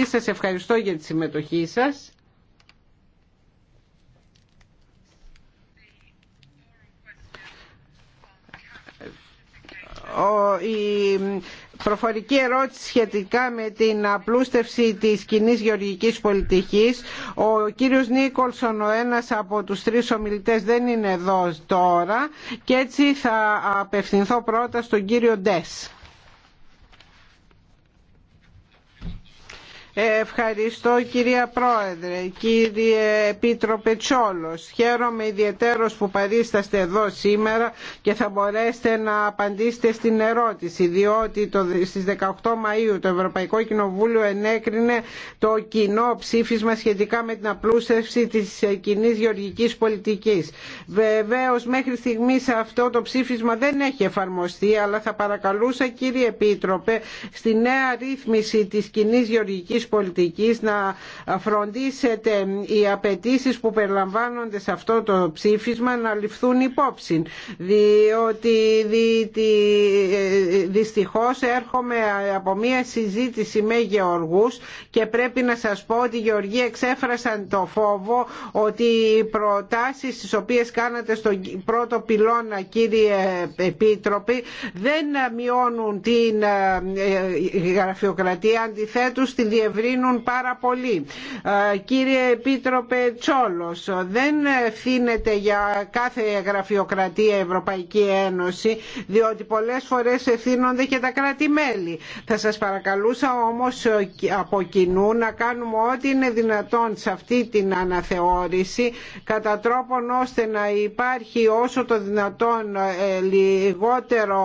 Σα Σας ευχαριστώ για τη συμμετοχή σας. η προφορική ερώτηση σχετικά με την απλούστευση της κοινή γεωργικής πολιτικής. Ο κύριος Νίκολσον, ο ένας από τους τρεις ομιλητές, δεν είναι εδώ τώρα και έτσι θα απευθυνθώ πρώτα στον κύριο Ντες. Ευχαριστώ κυρία Πρόεδρε, κύριε Επίτροπε Τσόλος. Χαίρομαι ιδιαίτερος που παρίσταστε εδώ σήμερα και θα μπορέσετε να απαντήσετε στην ερώτηση, διότι το, στις 18 Μαΐου το Ευρωπαϊκό Κοινοβούλιο ενέκρινε το κοινό ψήφισμα σχετικά με την απλούσευση της κοινή γεωργικής πολιτικής. Βεβαίως μέχρι στιγμή αυτό το ψήφισμα δεν έχει εφαρμοστεί, αλλά θα παρακαλούσα κύριε Επίτροπε στη νέα ρύθμιση της κοινή γεωργικής πολιτικής να φροντίσετε οι απαιτήσει που περιλαμβάνονται σε αυτό το ψήφισμα να ληφθούν υπόψη διότι δι, δυστυχώς έρχομαι από μια συζήτηση με γεωργούς και πρέπει να σας πω ότι οι γεωργοί εξέφρασαν το φόβο ότι οι προτάσεις τις οποίες κάνατε στον πρώτο πυλώνα κύριε Επίτροπη δεν μειώνουν την ε, ε, γραφειοκρατία αντιθέτως τη διευρύνουν πάρα πολύ. Ε, κύριε Επίτροπε Τσόλος, δεν ευθύνεται για κάθε γραφειοκρατία Ευρωπαϊκή Ένωση, διότι πολλές φορές ευθύνονται και τα κράτη-μέλη. Θα σας παρακαλούσα όμως από κοινού να κάνουμε ό,τι είναι δυνατόν σε αυτή την αναθεώρηση, κατά τρόπον ώστε να υπάρχει όσο το δυνατόν ε, λιγότερο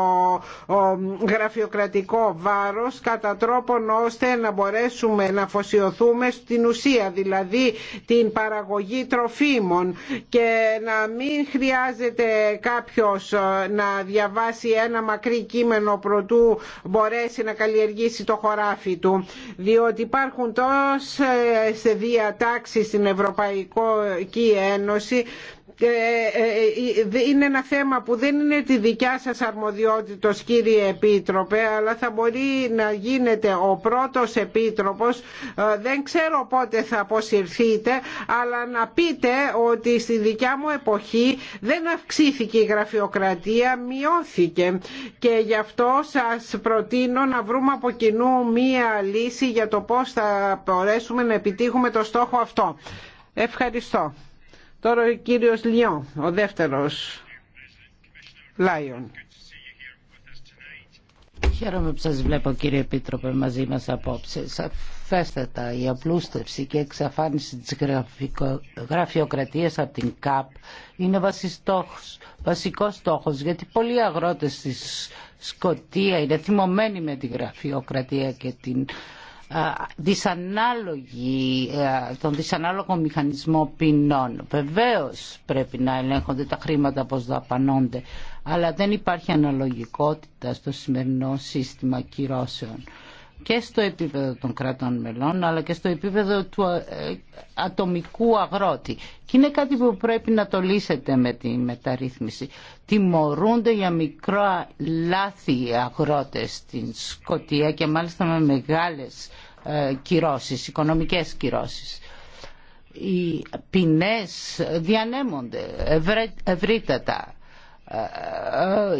γραφειοκρατικό βάρος, κατά τρόπον ώστε να μπορέσουμε να αφοσιωθούμε στην ουσία, δηλαδή την παραγωγή τροφίμων και να μην χρειάζεται κάποιος ε, να διαβάσει ένα μακρύ κείμενο προτού μπορέσει να καλλιεργήσει το χωράφι του. Διότι υπάρχουν τόσες διατάξεις στην Ευρωπαϊκή Ένωση ε, ε, ε, είναι ένα θέμα που δεν είναι τη δικιά σας αρμοδιότητα κύριε Επίτροπε αλλά θα μπορεί να γίνεται ο πρώτος Επίτροπος δεν ξέρω πότε θα αποσυρθείτε αλλά να πείτε ότι στη δικιά μου εποχή δεν αυξήθηκε η γραφειοκρατία μειώθηκε και γι' αυτό σας προτείνω να βρούμε από κοινού μία λύση για το πώς θα μπορέσουμε να επιτύχουμε το στόχο αυτό. Ευχαριστώ. Τώρα ο κύριος Λιόν, ο δεύτερος Λάιον. Χαίρομαι που σας βλέπω κύριε Επίτροπε μαζί μας απόψε. Σαφέστατα η απλούστευση και εξαφάνιση της γραφειοκρατίας από την ΚΑΠ είναι βασικό βασικός στόχος γιατί πολλοί αγρότες στη Σκοτία είναι θυμωμένοι με τη γραφειοκρατία και την ε, δυσανάλογη, ε, τον δυσανάλογο μηχανισμό ποινών. Βεβαίως πρέπει να ελέγχονται τα χρήματα πως δαπανώνται, αλλά δεν υπάρχει αναλογικότητα στο σημερινό σύστημα κυρώσεων και στο επίπεδο των κρατών μελών αλλά και στο επίπεδο του ε, ατομικού αγρότη. Και είναι κάτι που πρέπει να το λύσετε με τη μεταρρύθμιση. Τιμωρούνται για μικρά λάθη αγρότες στην Σκοτία και μάλιστα με μεγάλες ε, κυρώσεις, οικονομικές κυρώσεις. Οι ποινές διανέμονται ευρύτατα ε,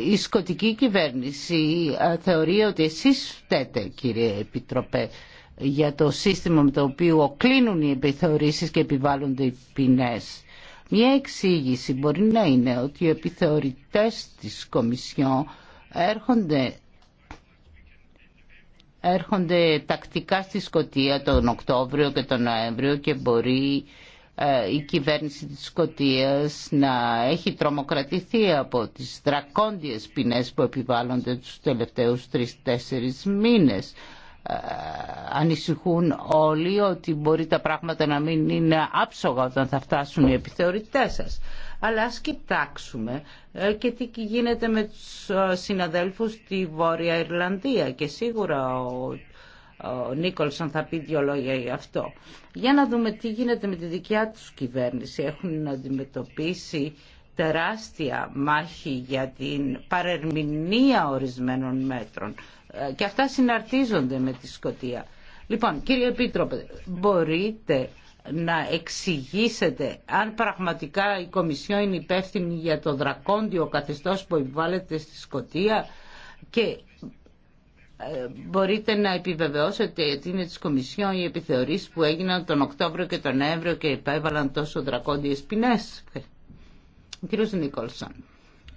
ε, η σκοτική κυβέρνηση ε, θεωρεί ότι εσείς φταίτε κύριε Επιτροπέ για το σύστημα με το οποίο κλείνουν οι επιθεωρήσεις και επιβάλλονται οι ποινές. Μια εξήγηση μπορεί να είναι ότι οι επιθεωρητές της Κομισιόν έρχονται έρχονται τακτικά στη Σκοτία τον Οκτώβριο και τον Νοέμβριο και μπορεί ε, η κυβέρνηση της Σκοτίας να έχει τρομοκρατηθεί από τις δρακόντιες ποινές που επιβάλλονται τους τελευταίους τρεις-τέσσερις μήνες. Ε, ανησυχούν όλοι ότι μπορεί τα πράγματα να μην είναι άψογα όταν θα φτάσουν οι επιθεωρητές σας. Αλλά ας κοιτάξουμε ε, και τι γίνεται με τους συναδέλφους στη Βόρεια Ιρλανδία και σίγουρα ο ο Νίκολσον θα πει δύο λόγια γι' αυτό. Για να δούμε τι γίνεται με τη δικιά τους κυβέρνηση. Έχουν αντιμετωπίσει τεράστια μάχη για την παρερμηνία ορισμένων μέτρων ε, και αυτά συναρτίζονται με τη Σκοτία. Λοιπόν, κύριε Επίτροπε, μπορείτε να εξηγήσετε αν πραγματικά η Κομισιό είναι υπεύθυνη για το δρακόντιο καθεστώς που επιβάλλεται στη Σκοτία και ε, μπορείτε να επιβεβαιώσετε ότι είναι της Κομισιόν οι επιθεωρήσεις που έγιναν τον Οκτώβριο και τον Νοέμβριο και επέβαλαν τόσο δρακόντιες ποινές. Κύριο κύριος Νίκολσον.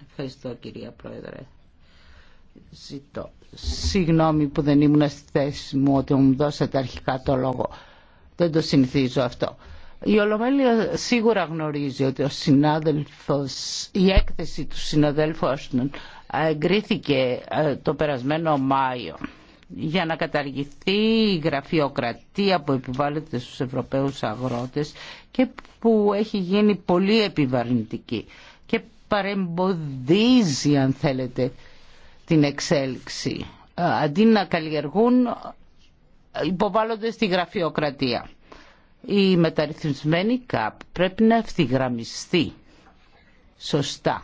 Ευχαριστώ κυρία Πρόεδρε. Ζητώ. Συγγνώμη που δεν ήμουν στη θέση μου ότι μου δώσατε αρχικά το λόγο. Δεν το συνηθίζω αυτό. Η Ολομέλεια σίγουρα γνωρίζει ότι ο συνάδελφος, η έκθεση του συναδέλφου Άστον εγκρίθηκε ε, το περασμένο Μάιο για να καταργηθεί η γραφειοκρατία που επιβάλλεται στους Ευρωπαίους αγρότες και που έχει γίνει πολύ επιβαρυντική και παρεμποδίζει αν θέλετε την εξέλιξη ε, αντί να καλλιεργούν υποβάλλονται στη γραφειοκρατία η μεταρρυθμισμένη ΚΑΠ πρέπει να ευθυγραμμιστεί σωστά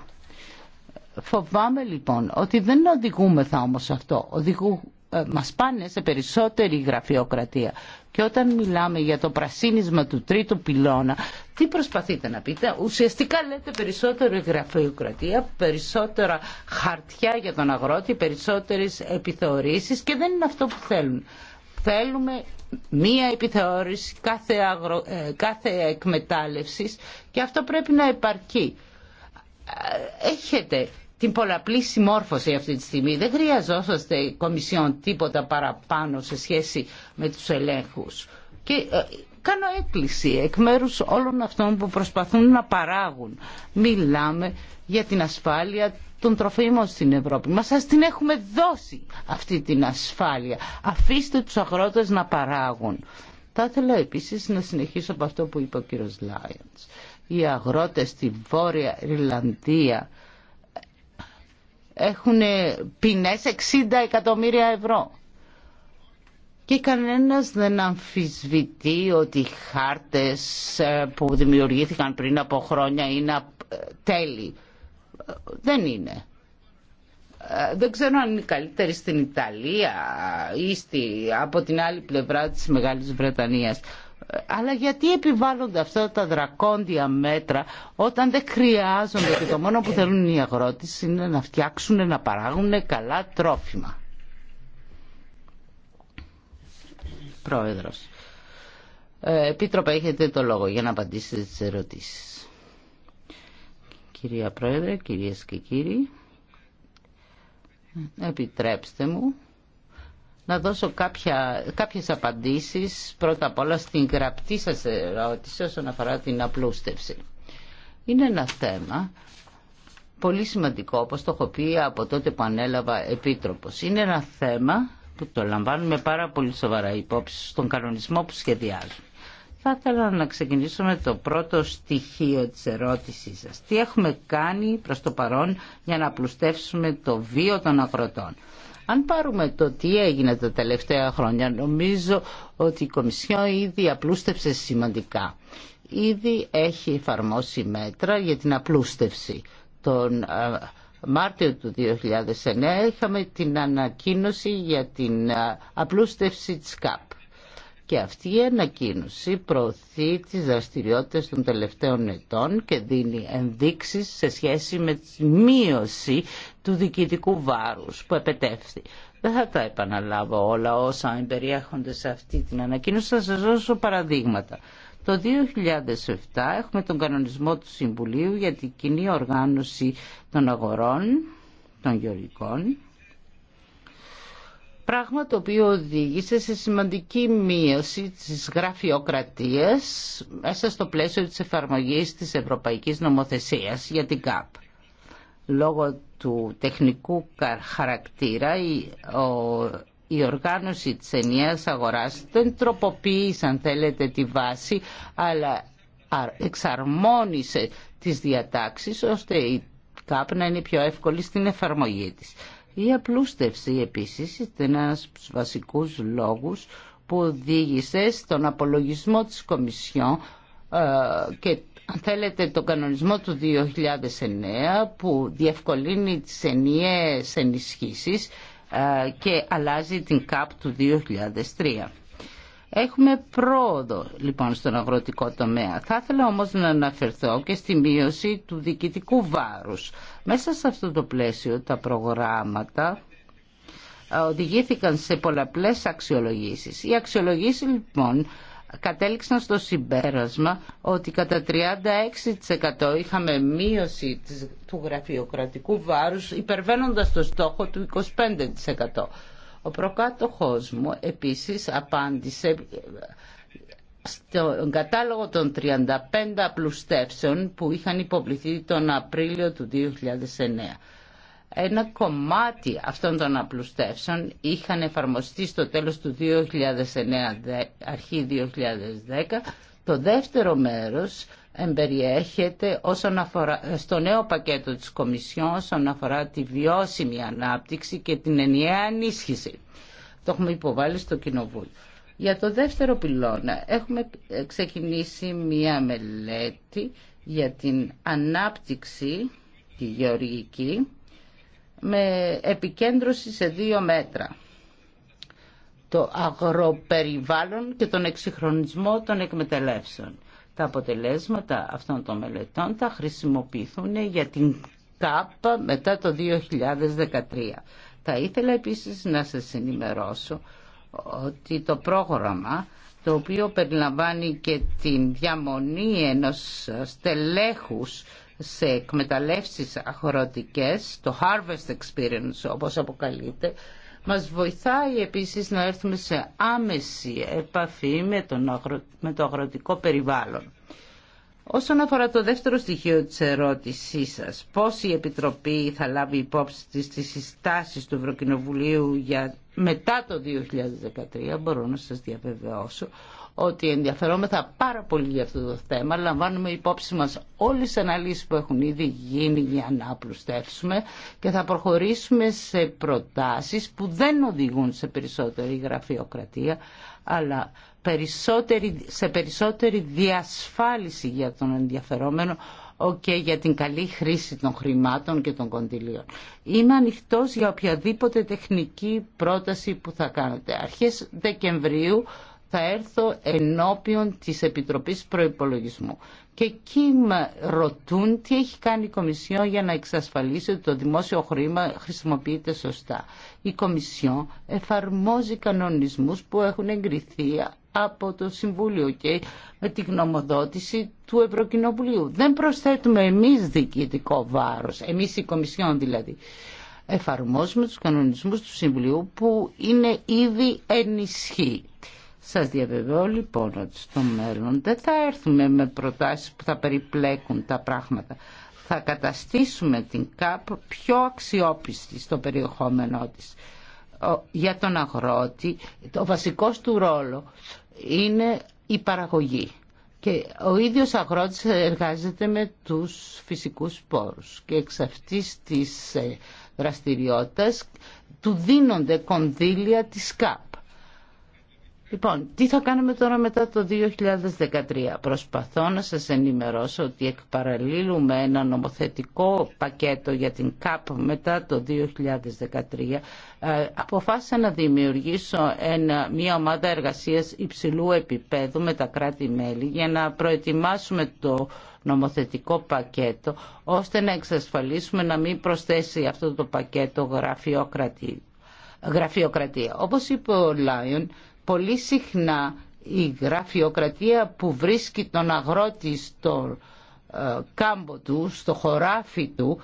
Φοβάμαι λοιπόν ότι δεν οδηγούμεθα όμως αυτό. Οδηγού, ε, μας πάνε σε περισσότερη γραφειοκρατία. Και όταν μιλάμε για το πρασίνισμα του τρίτου πυλώνα, τι προσπαθείτε να πείτε. Ουσιαστικά λέτε περισσότερη γραφειοκρατία, περισσότερα χαρτιά για τον αγρότη, περισσότερες επιθεωρήσεις και δεν είναι αυτό που θέλουν. Θέλουμε μία επιθεώρηση κάθε, ε, κάθε εκμετάλλευσης και αυτό πρέπει να επαρκεί ε, έχετε την πολλαπλή συμμόρφωση αυτή τη στιγμή. Δεν χρειαζόσαστε Κομισιόν τίποτα παραπάνω σε σχέση με τους ελέγχους. Και ε, κάνω έκκληση εκ μέρους όλων αυτών που προσπαθούν να παράγουν. Μιλάμε για την ασφάλεια των τροφίμων στην Ευρώπη. Μα σας την έχουμε δώσει αυτή την ασφάλεια. Αφήστε τους αγρότες να παράγουν. Θα ήθελα επίσης να συνεχίσω από αυτό που είπε ο κύριος Λάιονς. Οι αγρότες στη Βόρεια Ιρλανδία έχουν ποινές 60 εκατομμύρια ευρώ. Και κανένας δεν αμφισβητεί ότι οι χάρτες ε, που δημιουργήθηκαν πριν από χρόνια είναι ε, τέλειοι. Δεν είναι. Ε, δεν ξέρω αν είναι καλύτεροι στην Ιταλία ή στη, από την άλλη πλευρά της Μεγάλης Βρετανίας. Αλλά γιατί επιβάλλονται αυτά τα δρακόντια μέτρα όταν δεν χρειάζονται και το μόνο που θέλουν οι αγρότες είναι να φτιάξουν, να παράγουν καλά τρόφιμα. Πρόεδρος. Ε, Επίτροπε, έχετε το λόγο για να απαντήσετε τις ερωτήσεις. Κυρία Πρόεδρε, κυρίες και κύριοι, επιτρέψτε μου να δώσω κάποια, κάποιες απαντήσεις πρώτα απ' όλα στην γραπτή σας ερώτηση όσον αφορά την απλούστευση. Είναι ένα θέμα πολύ σημαντικό όπως το έχω πει από τότε που ανέλαβα επίτροπος. Είναι ένα θέμα που το λαμβάνουμε πάρα πολύ σοβαρά υπόψη στον κανονισμό που σχεδιάζουμε. Θα ήθελα να ξεκινήσω το πρώτο στοιχείο της ερώτησής σας. Τι έχουμε κάνει προς το παρόν για να απλουστεύσουμε το βίο των αγροτών. Αν πάρουμε το τι έγινε τα τελευταία χρόνια, νομίζω ότι η Κομισιό ήδη απλούστευσε σημαντικά. Ήδη έχει εφαρμόσει μέτρα για την απλούστευση Τον ε, Μάρτιο του 2009 είχαμε την ανακοίνωση για την ε, απλούστευση της ΚΑΠ. Και αυτή η ανακοίνωση προωθεί τις δραστηριότητες των τελευταίων ετών και δίνει ενδείξεις σε σχέση με τη μείωση του διοικητικού βάρους που επετεύθη. Δεν θα τα επαναλάβω όλα όσα εμπεριέχονται σε αυτή την ανακοίνωση, θα σας δώσω παραδείγματα. Το 2007 έχουμε τον κανονισμό του Συμβουλίου για την κοινή οργάνωση των αγορών των γεωργικών Πράγμα το οποίο οδήγησε σε σημαντική μείωση της γραφειοκρατίας μέσα στο πλαίσιο της εφαρμογής της Ευρωπαϊκής Νομοθεσίας για την ΚΑΠ. Λόγω του τεχνικού χαρακτήρα η οργάνωση της ενιαίας αγοράς δεν τροποποίησε αν θέλετε τη βάση αλλά εξαρμόνισε τις διατάξεις ώστε η ΚΑΠ να είναι πιο εύκολη στην εφαρμογή της. Η απλούστευση επίσης ήταν ένας από τους βασικούς λόγους που οδήγησε στον απολογισμό της Κομισιόν ε, και αν θέλετε τον κανονισμό του 2009 που διευκολύνει τις ενιαίες ενισχύσεις ε, και αλλάζει την ΚΑΠ του 2003. Έχουμε πρόοδο λοιπόν στον αγροτικό τομέα. Θα ήθελα όμως να αναφερθώ και στη μείωση του διοικητικού βάρους. Μέσα σε αυτό το πλαίσιο τα προγράμματα ε, οδηγήθηκαν σε πολλαπλές αξιολογήσεις. Οι αξιολογήσεις λοιπόν κατέληξαν στο συμπέρασμα ότι κατά 36% είχαμε μείωση του γραφειοκρατικού βάρους υπερβαίνοντας το στόχο του 25%. Ο προκάτοχός μου επίσης απάντησε στον κατάλογο των 35 απλουστεύσεων που είχαν υποβληθεί τον Απρίλιο του 2009. Ένα κομμάτι αυτών των απλουστεύσεων είχαν εφαρμοστεί στο τέλος του 2009, αρχή 2010. Το δεύτερο μέρος εμπεριέχεται όσον αφορά, στο νέο πακέτο της Κομισιόν όσον αφορά τη βιώσιμη ανάπτυξη και την ενιαία ανίσχυση. Το έχουμε υποβάλει στο Κοινοβούλιο. Για το δεύτερο πυλώνα έχουμε ε, ξεκινήσει μία μελέτη για την ανάπτυξη τη γεωργική με επικέντρωση σε δύο μέτρα. Το αγροπεριβάλλον και τον εξυγχρονισμό των εκμεταλλεύσεων. Τα αποτελέσματα αυτών των μελετών θα χρησιμοποιηθούν για την ΚΑΠ μετά το 2013. Θα ήθελα επίσης να σας ενημερώσω ότι το πρόγραμμα το οποίο περιλαμβάνει και την διαμονή ενός στελέχους σε εκμεταλλεύσεις αγροτικές, το Harvest Experience όπως αποκαλείται, μας βοηθάει επίσης να έρθουμε σε άμεση επαφή με, τον το αγροτικό περιβάλλον. Όσον αφορά το δεύτερο στοιχείο της ερώτησής σας, πώς η Επιτροπή θα λάβει υπόψη της τις συστάσεις του Ευρωκοινοβουλίου για μετά το 2013, μπορώ να σας διαβεβαιώσω ότι ενδιαφερόμεθα πάρα πολύ για αυτό το θέμα. Λαμβάνουμε υπόψη μας όλες τις αναλύσεις που έχουν ήδη γίνει για να απλουστεύσουμε και θα προχωρήσουμε σε προτάσεις που δεν οδηγούν σε περισσότερη γραφειοκρατία, αλλά περισσότερη, σε περισσότερη διασφάλιση για τον ενδιαφερόμενο και για την καλή χρήση των χρημάτων και των κοντιλίων. Είμαι ανοιχτό για οποιαδήποτε τεχνική πρόταση που θα κάνετε. Αρχές Δεκεμβρίου θα έρθω ενώπιον της Επιτροπής Προϋπολογισμού. Και εκεί με ρωτούν τι έχει κάνει η Κομισιό για να εξασφαλίσει ότι το δημόσιο χρήμα χρησιμοποιείται σωστά. Η Κομισιό εφαρμόζει κανονισμούς που έχουν εγκριθεί από το Συμβούλιο και με τη γνωμοδότηση του Ευρωκοινοβουλίου. Δεν προσθέτουμε εμείς διοικητικό βάρος, εμείς η Κομισιόν δηλαδή εφαρμόζουμε τους κανονισμούς του Συμβουλίου που είναι ήδη ενισχύ. Σας διαβεβαιώ λοιπόν ότι στο μέλλον δεν θα έρθουμε με προτάσεις που θα περιπλέκουν τα πράγματα. Θα καταστήσουμε την ΚΑΠ πιο αξιόπιστη στο περιεχόμενό της. Για τον αγρότη, ο βασικός του ρόλο είναι η παραγωγή. Και ο ίδιος αγρότης εργάζεται με τους φυσικούς πόρους και εξ αυτής της ε, δραστηριότητας του δίνονται κονδύλια της ΚΑΠ. Λοιπόν, τι θα κάνουμε τώρα μετά το 2013. Προσπαθώ να σας ενημερώσω ότι εκπαραλλήλουμε ένα νομοθετικό πακέτο για την ΚΑΠ μετά το 2013. Ε, αποφάσισα να δημιουργήσω ένα, μια ομάδα εργασίας υψηλού επίπεδου με τα κράτη-μέλη για να προετοιμάσουμε το νομοθετικό πακέτο ώστε να εξασφαλίσουμε να μην προσθέσει αυτό το πακέτο γραφειοκρατία. Όπως είπε ο Λάιον, Πολύ συχνά η γραφειοκρατία που βρίσκει τον αγρότη στο ε, κάμπο του, στο χωράφι του,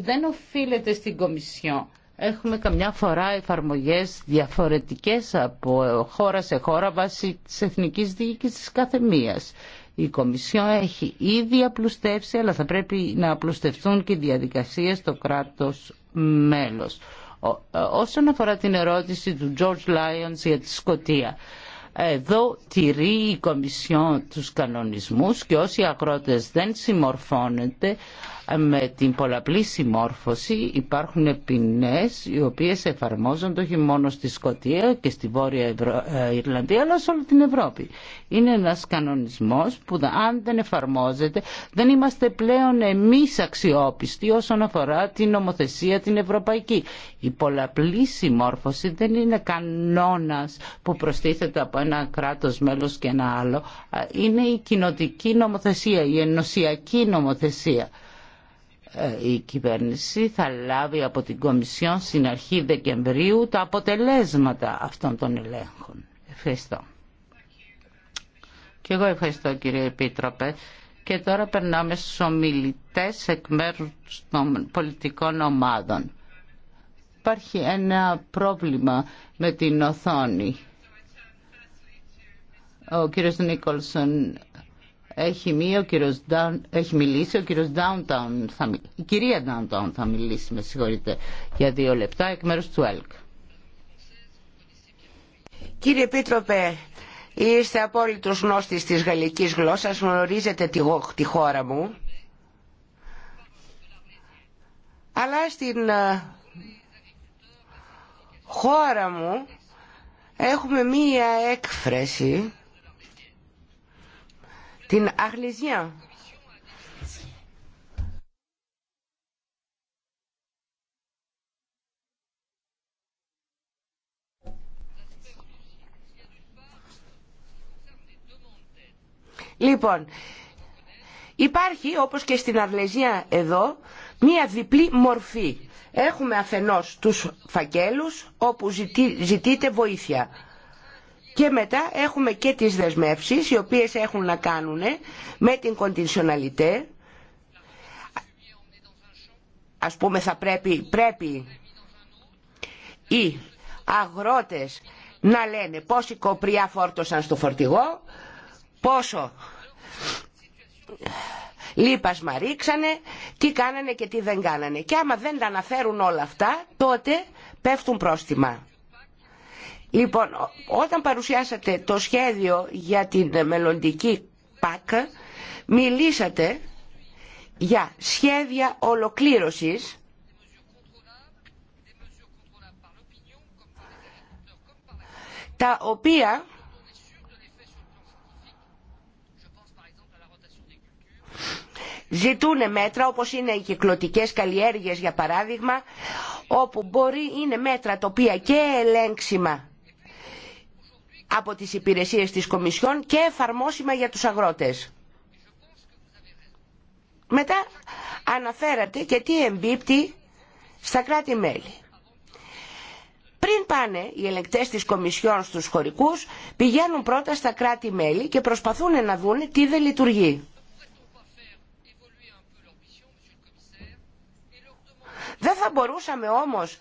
δεν οφείλεται στην Κομισιόν. Έχουμε καμιά φορά εφαρμογές διαφορετικές από χώρα σε χώρα βάσει της εθνικής διοίκησης κάθε μίας. Η Κομισιόν έχει ήδη απλουστεύσει, αλλά θα πρέπει να απλουστευτούν και οι διαδικασίες στο κράτος μέλος. Ε, όσον αφορά την ερώτηση του George Lyons για τη Σκωτία. Εδώ τηρεί η Κομισιόν τους κανονισμούς και όσοι αγρότες δεν συμμορφώνεται με την πολλαπλή συμμόρφωση υπάρχουν ποινές οι οποίες εφαρμόζονται όχι μόνο στη Σκοτία και στη Βόρεια ε, Ιρλανδία αλλά σε όλη την Ευρώπη. Είναι ένας κανονισμός που αν δεν εφαρμόζεται δεν είμαστε πλέον εμείς αξιόπιστοι όσον αφορά την νομοθεσία την ευρωπαϊκή. Η πολλαπλή συμμόρφωση δεν είναι κανόνας που προστίθεται ένα κράτος μέλος και ένα άλλο, είναι η κοινοτική νομοθεσία, η ενωσιακή νομοθεσία. Ε, η κυβέρνηση θα λάβει από την Κομισιόν στην αρχή Δεκεμβρίου τα αποτελέσματα αυτών των ελέγχων. Ευχαριστώ. Και εγώ ευχαριστώ κύριε Επίτροπε. Και τώρα περνάμε στους ομιλητές εκ μέρου των πολιτικών ομάδων. Υπάρχει ένα πρόβλημα με την οθόνη. Ο κύριος Νίκολσον έχει μία, ο κύριος Down, έχει μιλήσει, ο κύριος Downtown Η κυρία Downtown θα μιλήσει, με συγχωρείτε, για δύο λεπτά εκ μέρους του ΕΛΚ. Κύριε Επίτροπε, είστε απόλυτος γνώστης της γαλλικής γλώσσας, γνωρίζετε τη χώρα μου. Αλλά στην ε, χώρα μου έχουμε μία έκφραση την Αγλυζία. Λοιπόν, υπάρχει όπως και στην Αρλεζία εδώ μία διπλή μορφή. Έχουμε αφενός τους φακέλους όπου ζητεί, βοήθεια. Και μετά έχουμε και τις δεσμεύσεις, οι οποίες έχουν να κάνουν με την κοντινσιοναλιτέ. Ας πούμε θα πρέπει, πρέπει οι αγρότες να λένε πόση κοπριά φόρτωσαν στο φορτηγό, πόσο λίπασμα ρίξανε, τι κάνανε και τι δεν κάνανε. Και άμα δεν τα αναφέρουν όλα αυτά, τότε πέφτουν πρόστιμα. Λοιπόν, όταν παρουσιάσατε το σχέδιο για την μελλοντική ΠΑΚ, μιλήσατε για σχέδια ολοκλήρωσης τα οποία ζητούν μέτρα όπως είναι οι κυκλωτικές καλλιέργειες για παράδειγμα όπου μπορεί είναι μέτρα τα οποία και ελέγξιμα από τις υπηρεσίες της Κομισιόν και εφαρμόσιμα για τους αγρότες. Μετά αναφέρατε και τι εμπίπτει στα κράτη-μέλη. Πριν πάνε οι ελεγκτές της Κομισιόν στους χωρικούς, πηγαίνουν πρώτα στα κράτη-μέλη και προσπαθούν να δουν τι δεν λειτουργεί. Δεν θα μπορούσαμε όμως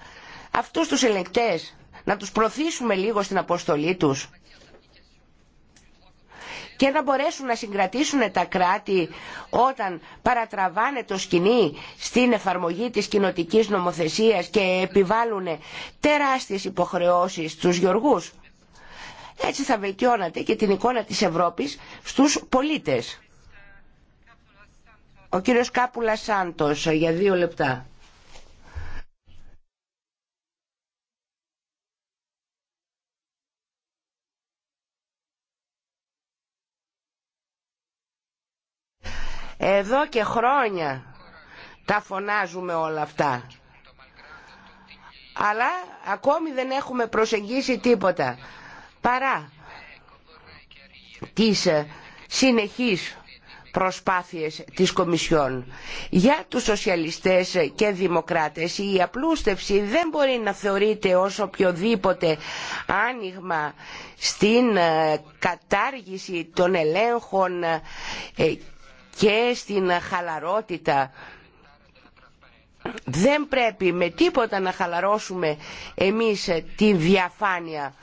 αυτούς τους ελεγκτές να τους προωθήσουμε λίγο στην αποστολή τους και να μπορέσουν να συγκρατήσουν τα κράτη όταν παρατραβάνε το σκηνή στην εφαρμογή της κοινοτικής νομοθεσίας και επιβάλλουν τεράστιες υποχρεώσεις στους γιοργούς. Έτσι θα βελτιώνατε και την εικόνα της Ευρώπης στους πολίτες. Ο κύριος Κάπουλα Σάντος για δύο λεπτά. Εδώ και χρόνια τα φωνάζουμε όλα αυτά. Αλλά ακόμη δεν έχουμε προσεγγίσει τίποτα παρά τις ε, συνεχείς προσπάθειες της Κομισιόν. Για τους σοσιαλιστές και δημοκράτες η απλούστευση δεν μπορεί να θεωρείται ως οποιοδήποτε άνοιγμα στην ε, κατάργηση των ελέγχων ε, και στην χαλαρότητα δεν πρέπει με τίποτα να χαλαρώσουμε εμείς τη διαφάνεια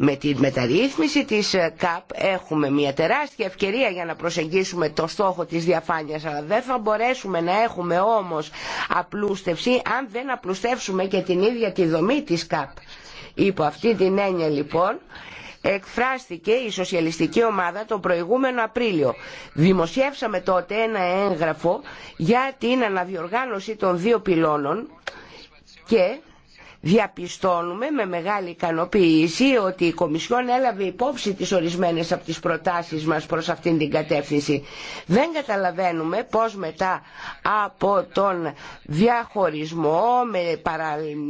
με τη μεταρρύθμιση της ΚΑΠ έχουμε μια τεράστια ευκαιρία για να προσεγγίσουμε το στόχο της διαφάνειας αλλά δεν θα μπορέσουμε να έχουμε όμως απλούστευση αν δεν απλουστεύσουμε και την ίδια τη δομή της ΚΑΠ. Υπό αυτή την έννοια λοιπόν εκφράστηκε η σοσιαλιστική ομάδα τον προηγούμενο Απρίλιο. Δημοσιεύσαμε τότε ένα έγγραφο για την αναδιοργάνωση των δύο πυλώνων και διαπιστώνουμε με μεγάλη ικανοποίηση ότι η Κομισιόν έλαβε υπόψη τις ορισμένες από τις προτάσεις μας προς αυτήν την κατεύθυνση. Δεν καταλαβαίνουμε πώς μετά από τον διαχωρισμό με,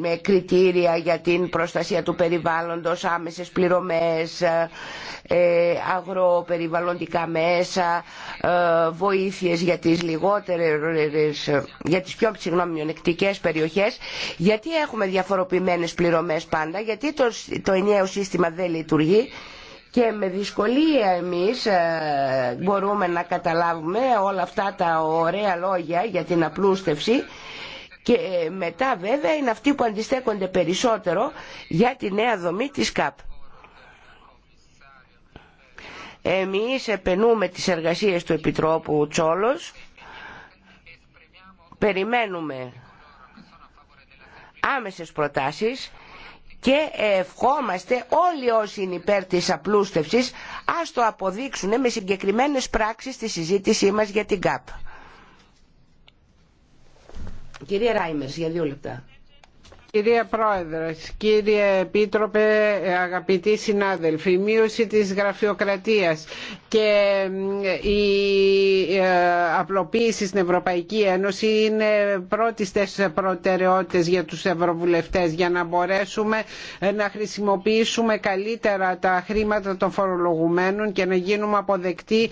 με κριτήρια για την προστασία του περιβάλλοντος, άμεσες πληρωμές, ε, ε αγροπεριβαλλοντικά μέσα, ε, βοήθειες για τις λιγότερες, ε, για τις πιο συγγνώμη, περιοχές, γιατί έχουμε διαφορετικά διαφοροποιημένες πληρωμές πάντα γιατί το, το ενιαίο σύστημα δεν λειτουργεί και με δυσκολία εμείς ε, μπορούμε να καταλάβουμε όλα αυτά τα ωραία λόγια για την απλούστευση και μετά βέβαια είναι αυτοί που αντιστέκονται περισσότερο για τη νέα δομή της ΚΑΠ. Εμείς επενούμε τις εργασίες του Επιτρόπου Τσόλος, περιμένουμε άμεσες προτάσεις και ευχόμαστε όλοι όσοι είναι υπέρ της απλούστευσης ας το αποδείξουν με συγκεκριμένες πράξεις στη συζήτησή μας για την ΚΑΠ. Κυρία Ράιμερς, για δύο λεπτά. Κυρία Πρόεδρε, κύριε Επίτροπε, αγαπητοί συνάδελφοι, η μείωση της γραφειοκρατίας και ε, η ε, απλοποίηση στην Ευρωπαϊκή Ένωση είναι πρώτη στι προτεραιότητες για τους ευρωβουλευτές για να μπορέσουμε ε, να χρησιμοποιήσουμε καλύτερα τα χρήματα των φορολογουμένων και να γίνουμε αποδεκτοί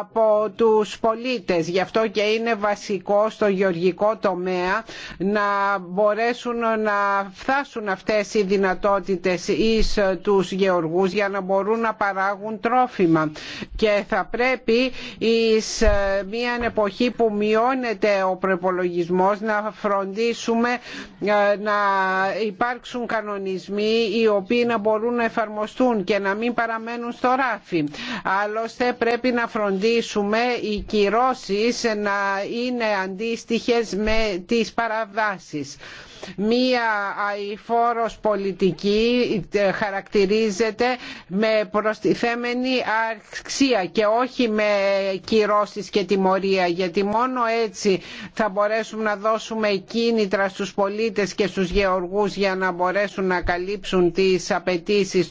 από τους πολίτες. Γι' αυτό και είναι βασικό στο γεωργικό τομέα να μπορέσουν να να φτάσουν αυτές οι δυνατότητες εις ε, τους γεωργούς για να μπορούν να παράγουν τρόφιμα και θα πρέπει εις ε, μια εποχή που μειώνεται ο προπολογισμό να φροντίσουμε ε, να υπάρξουν κανονισμοί οι οποίοι να μπορούν να εφαρμοστούν και να μην παραμένουν στο ράφι. Άλλωστε πρέπει να φροντίσουμε οι κυρώσεις να είναι αντίστοιχες με τις παραβάσεις μία αηφόρος πολιτική ε, χαρακτηρίζεται με προστιθέμενη αξία και όχι με κυρώσεις και τιμωρία γιατί μόνο έτσι θα μπορέσουμε να δώσουμε κίνητρα στους πολίτες και στους γεωργούς για να μπορέσουν να καλύψουν τις απαιτήσεις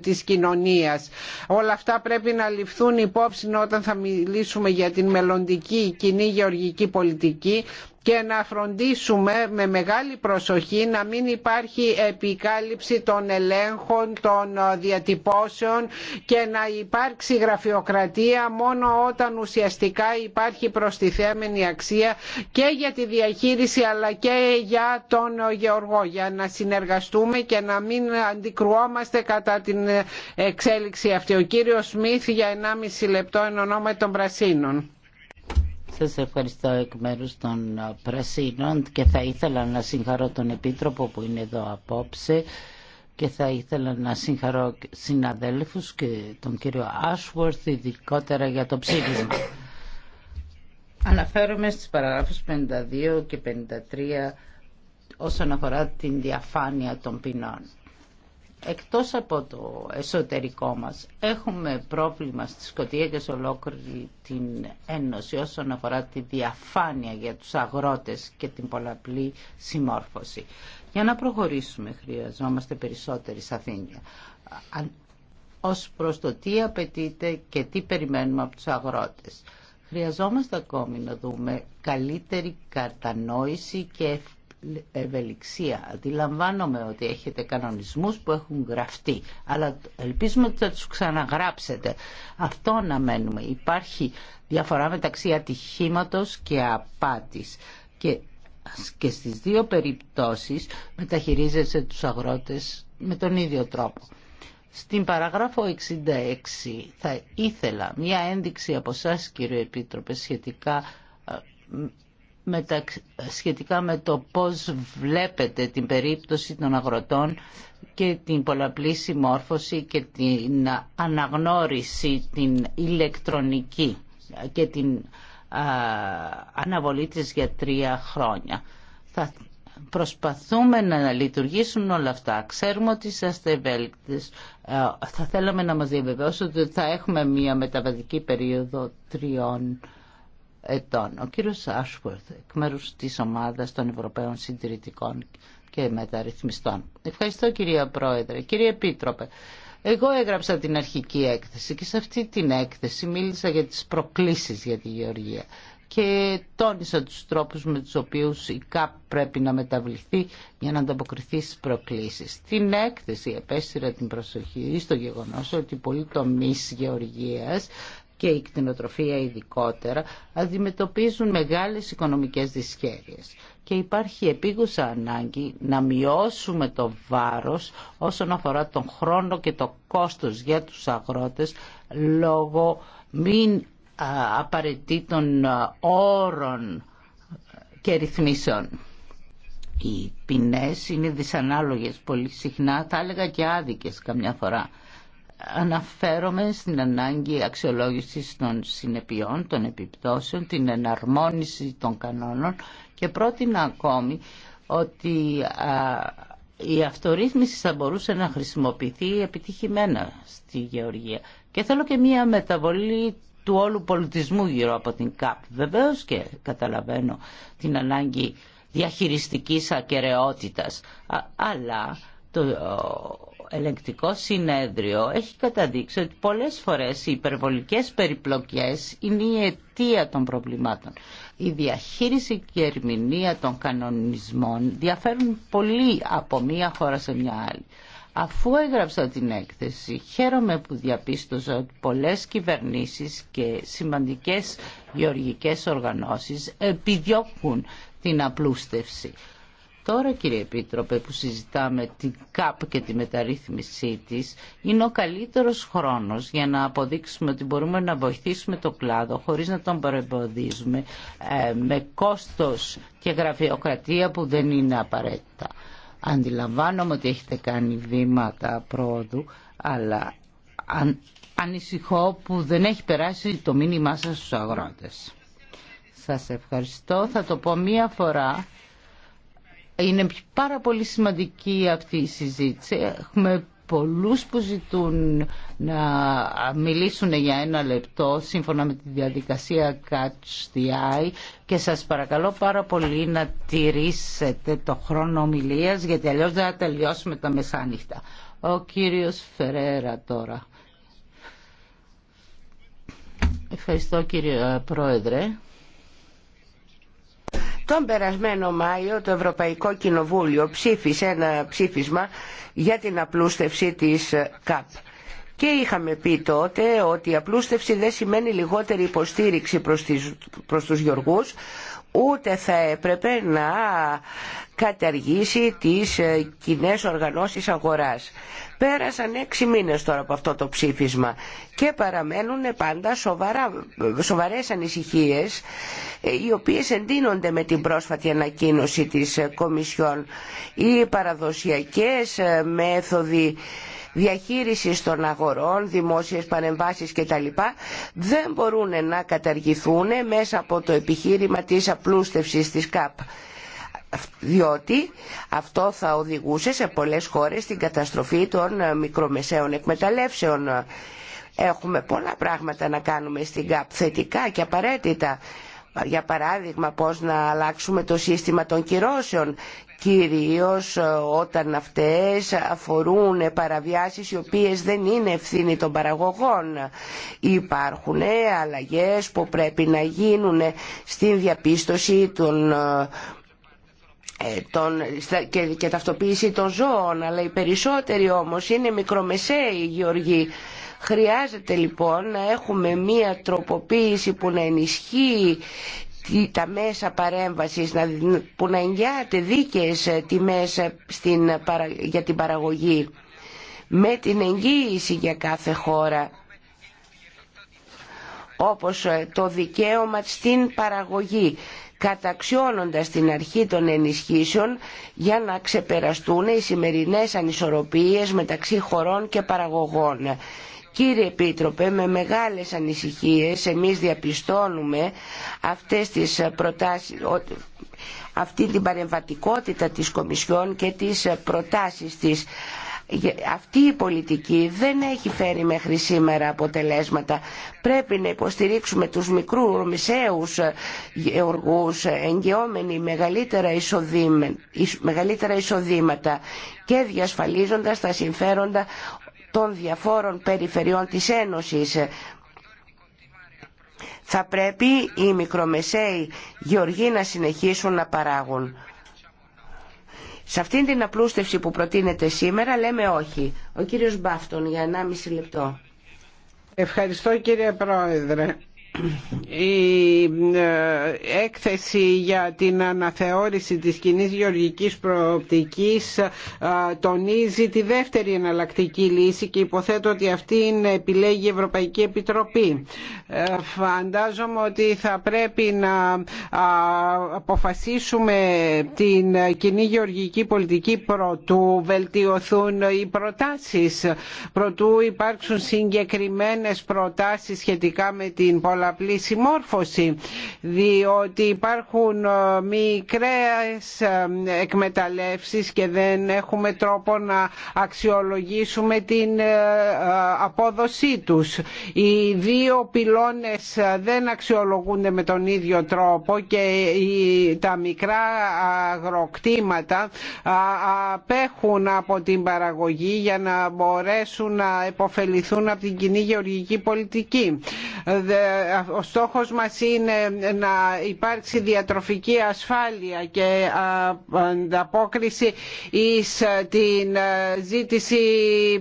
της κοινωνίας. Όλα αυτά πρέπει να ληφθούν υπόψη όταν θα μιλήσουμε για την μελλοντική κοινή γεωργική πολιτική και να φροντίσουμε με μεγάλη προσοχή να μην υπάρχει επικάλυψη των ελέγχων, των ε, διατυπώσεων και να υπάρξει γραφειοκρατία μόνο όταν ουσιαστικά υπάρχει προστιθέμενη αξία και για τη διαχείριση αλλά και για τον ε, Γεωργό για να συνεργαστούμε και να μην αντικρουόμαστε κατά την ε, εξέλιξη αυτή. Ο κύριος Σμίθ για 1,5 λεπτό εν ονόμα των Πρασίνων. Σας ευχαριστώ εκ μέρους των Πρασίνων και θα ήθελα να συγχαρώ τον Επίτροπο που είναι εδώ απόψε και θα ήθελα να συγχαρώ συναδέλφους και τον κύριο Ashworth ειδικότερα για το ψήφισμα. Αναφέρομαι στις παραγράφους 52 και 53 όσον αφορά την διαφάνεια των ποινών εκτός από το εσωτερικό μας έχουμε πρόβλημα στη Σκοτία και σε ολόκληρη την Ένωση όσον αφορά τη διαφάνεια για τους αγρότες και την πολλαπλή συμμόρφωση. Για να προχωρήσουμε χρειαζόμαστε περισσότερη σαφήνεια ως προς το τι απαιτείται και τι περιμένουμε από τους αγρότες. Χρειαζόμαστε ακόμη να δούμε καλύτερη κατανόηση και ευελιξία. Αντιλαμβάνομαι ότι έχετε κανονισμούς που έχουν γραφτεί, αλλά ελπίζουμε ότι θα τους ξαναγράψετε. Αυτό να μένουμε. Υπάρχει διαφορά μεταξύ ατυχήματος και απάτης. Και, και στις δύο περιπτώσεις μεταχειρίζεσαι τους αγρότες με τον ίδιο τρόπο. Στην παραγράφο 66 θα ήθελα μια ένδειξη από εσά κύριε Επίτροπε σχετικά ε, σχετικά με το πώς βλέπετε την περίπτωση των αγροτών και την πολλαπλή συμμόρφωση και την αναγνώριση την ηλεκτρονική και την αναβολή της για τρία χρόνια. Θα προσπαθούμε να λειτουργήσουν όλα αυτά. Ξέρουμε ότι είσαστε ευέλικτες. Ε, θα θέλαμε να μας διαβεβαιώσετε ότι θα έχουμε μια μεταβατική περίοδο τριών ετών. Ο κύριος Άσχουρθ, εκ μέρους της ομάδας των Ευρωπαίων Συντηρητικών και Μεταρρυθμιστών. Ευχαριστώ κυρία Πρόεδρε. Κύριε Επίτροπε, εγώ έγραψα την αρχική έκθεση και σε αυτή την έκθεση μίλησα για τις προκλήσεις για τη Γεωργία και τόνισα τους τρόπους με τους οποίους η ΚΑΠ πρέπει να μεταβληθεί για να ανταποκριθεί στις προκλήσεις. Την έκθεση επέστειρα την προσοχή στο γεγονός ότι πολλοί τομείς γεωργίας και η κτηνοτροφία ειδικότερα αντιμετωπίζουν μεγάλες οικονομικές δυσχέρειες και υπάρχει επίγουσα ανάγκη να μειώσουμε το βάρος όσον αφορά τον χρόνο και το κόστος για τους αγρότες λόγω μην απαραίτητων όρων και ρυθμίσεων. Οι ποινές είναι δυσανάλογες πολύ συχνά, θα έλεγα και άδικες καμιά φορά αναφέρομαι στην ανάγκη αξιολόγησης των συνεπειών, των επιπτώσεων, την εναρμόνιση των κανόνων και πρότεινα ακόμη ότι η αυτορύθμιση θα μπορούσε να χρησιμοποιηθεί επιτυχημένα στη Γεωργία. Και θέλω και μία μεταβολή του όλου πολιτισμού γύρω από την ΚΑΠ. Βεβαίως και καταλαβαίνω την ανάγκη διαχειριστικής ακαιρεότητας. Αλλά το ελεγκτικό συνέδριο έχει καταδείξει ότι πολλές φορές οι υπερβολικές περιπλοκές είναι η αιτία των προβλημάτων. Η διαχείριση και η ερμηνεία των κανονισμών διαφέρουν πολύ από μία χώρα σε μια άλλη. Αφού έγραψα την έκθεση, χαίρομαι που διαπίστωσα ότι πολλές κυβερνήσεις και σημαντικές γεωργικές οργανώσεις επιδιώκουν την απλούστευση. Τώρα κύριε Επίτροπε που συζητάμε την ΚΑΠ και τη μεταρρύθμισή της είναι ο καλύτερος χρόνος για να αποδείξουμε ότι μπορούμε να βοηθήσουμε το κλάδο χωρίς να τον παρεμποδίζουμε ε, με κόστος και γραφειοκρατία που δεν είναι απαραίτητα. Αντιλαμβάνομαι ότι έχετε κάνει βήματα πρόοδου αλλά ανησυχώ που δεν έχει περάσει το μήνυμά σας στους αγρότες. Σας ευχαριστώ. Θα το πω μία φορά είναι πάρα πολύ σημαντική αυτή η συζήτηση. Έχουμε πολλούς που ζητούν να μιλήσουν για ένα λεπτό σύμφωνα με τη διαδικασία Catch the Eye και σας παρακαλώ πάρα πολύ να τηρήσετε το χρόνο ομιλίας γιατί αλλιώς δεν θα τελειώσουμε τα μεσάνυχτα. Ο κύριος Φερέρα τώρα. Ευχαριστώ κύριε Πρόεδρε. Τον περασμένο Μάιο το Ευρωπαϊκό Κοινοβούλιο ψήφισε ένα ψήφισμα για την απλούστευση της ΚΑΠ. Και είχαμε πει τότε ότι η απλούστευση δεν σημαίνει λιγότερη υποστήριξη προς, τους γεωργούς, ούτε θα έπρεπε να καταργήσει τις ε, κοινέ οργανώσεις αγοράς. Πέρασαν έξι μήνες τώρα από αυτό το ψήφισμα και παραμένουν πάντα σοβαρά, σοβαρές ανησυχίες ε, οι οποίες εντείνονται με την πρόσφατη ανακοίνωση της ε, Κομισιόν. ή παραδοσιακές μέθοδοι διαχείρισης των αγορών, δημόσιες πανεμβάσεις κτλ. δεν μπορούν να καταργηθούν μέσα από το επιχείρημα της απλούστευσης της ΚΑΠ διότι αυτό θα οδηγούσε σε πολλές χώρες την καταστροφή των μικρομεσαίων εκμεταλλεύσεων. Έχουμε πολλά πράγματα να κάνουμε στην ΚΑΠ θετικά και απαραίτητα. Για παράδειγμα πώς να αλλάξουμε το σύστημα των κυρώσεων κυρίως ε, όταν αυτές αφορούν παραβιάσεις οι οποίες δεν είναι ευθύνη των παραγωγών. Υπάρχουν ε, αλλαγές που πρέπει να γίνουν στην διαπίστωση των ε, και, και ταυτοποίηση των ζώων, αλλά οι περισσότεροι όμως είναι μικρομεσαίοι γεωργοί. Χρειάζεται λοιπόν να έχουμε μία τροποποίηση που να ενισχύει τα μέσα παρέμβασης που να εγγυάται δίκαιες ε, τιμές ε, στην, ε, για την παραγωγή με την εγγύηση για κάθε χώρα όπως το δικαίωμα στην παραγωγή καταξιώνοντας την αρχή των ενισχύσεων για να ξεπεραστούν οι σημερινές ανισορροπίες μεταξύ χωρών και παραγωγών. Κύριε Επίτροπε, με μεγάλες ανησυχίες εμείς διαπιστώνουμε αυτές τις προτάσεις, αυτή την παρεμβατικότητα της Κομισιόν και τις προτάσεις της. Αυτή η πολιτική δεν έχει φέρει μέχρι σήμερα αποτελέσματα. Πρέπει να υποστηρίξουμε τους μικρούς, μισέους γεωργούς, εγγυόμενοι μεγαλύτερα εισοδήματα και διασφαλίζοντας τα συμφέροντα των διαφόρων περιφερειών της Ένωσης. Θα πρέπει οι μικρομεσαίοι γεωργοί να συνεχίσουν να παράγουν. Σε αυτήν την απλούστευση που προτείνεται σήμερα λέμε όχι. Ο κύριος Μπάφτον για 1,5 λεπτό. Ευχαριστώ κύριε Πρόεδρε η ε, έκθεση για την αναθεώρηση της κοινή γεωργικής προοπτικής ε, τονίζει τη δεύτερη εναλλακτική λύση και υποθέτω ότι αυτήν επιλέγει η Ευρωπαϊκή Επιτροπή. Ε, φαντάζομαι ότι θα πρέπει να αποφασίσουμε την κοινή γεωργική πολιτική προτού βελτιωθούν οι προτάσεις, προτού υπάρξουν συγκεκριμένες προτάσεις σχετικά με την πολλαπλή πολλαπλή συμμόρφωση διότι υπάρχουν ε, μικρές ε, εκμεταλλεύσεις και δεν έχουμε τρόπο να αξιολογήσουμε την ε, απόδοσή τους. Οι δύο πυλώνες δεν αξιολογούνται με τον ίδιο τρόπο και τα μικρά αγροκτήματα απέχουν από την παραγωγή για να μπορέσουν να επωφεληθούν από την κοινή γεωργική πολιτική ο στόχος μας είναι να υπάρξει διατροφική ασφάλεια και ανταπόκριση εις την ζήτηση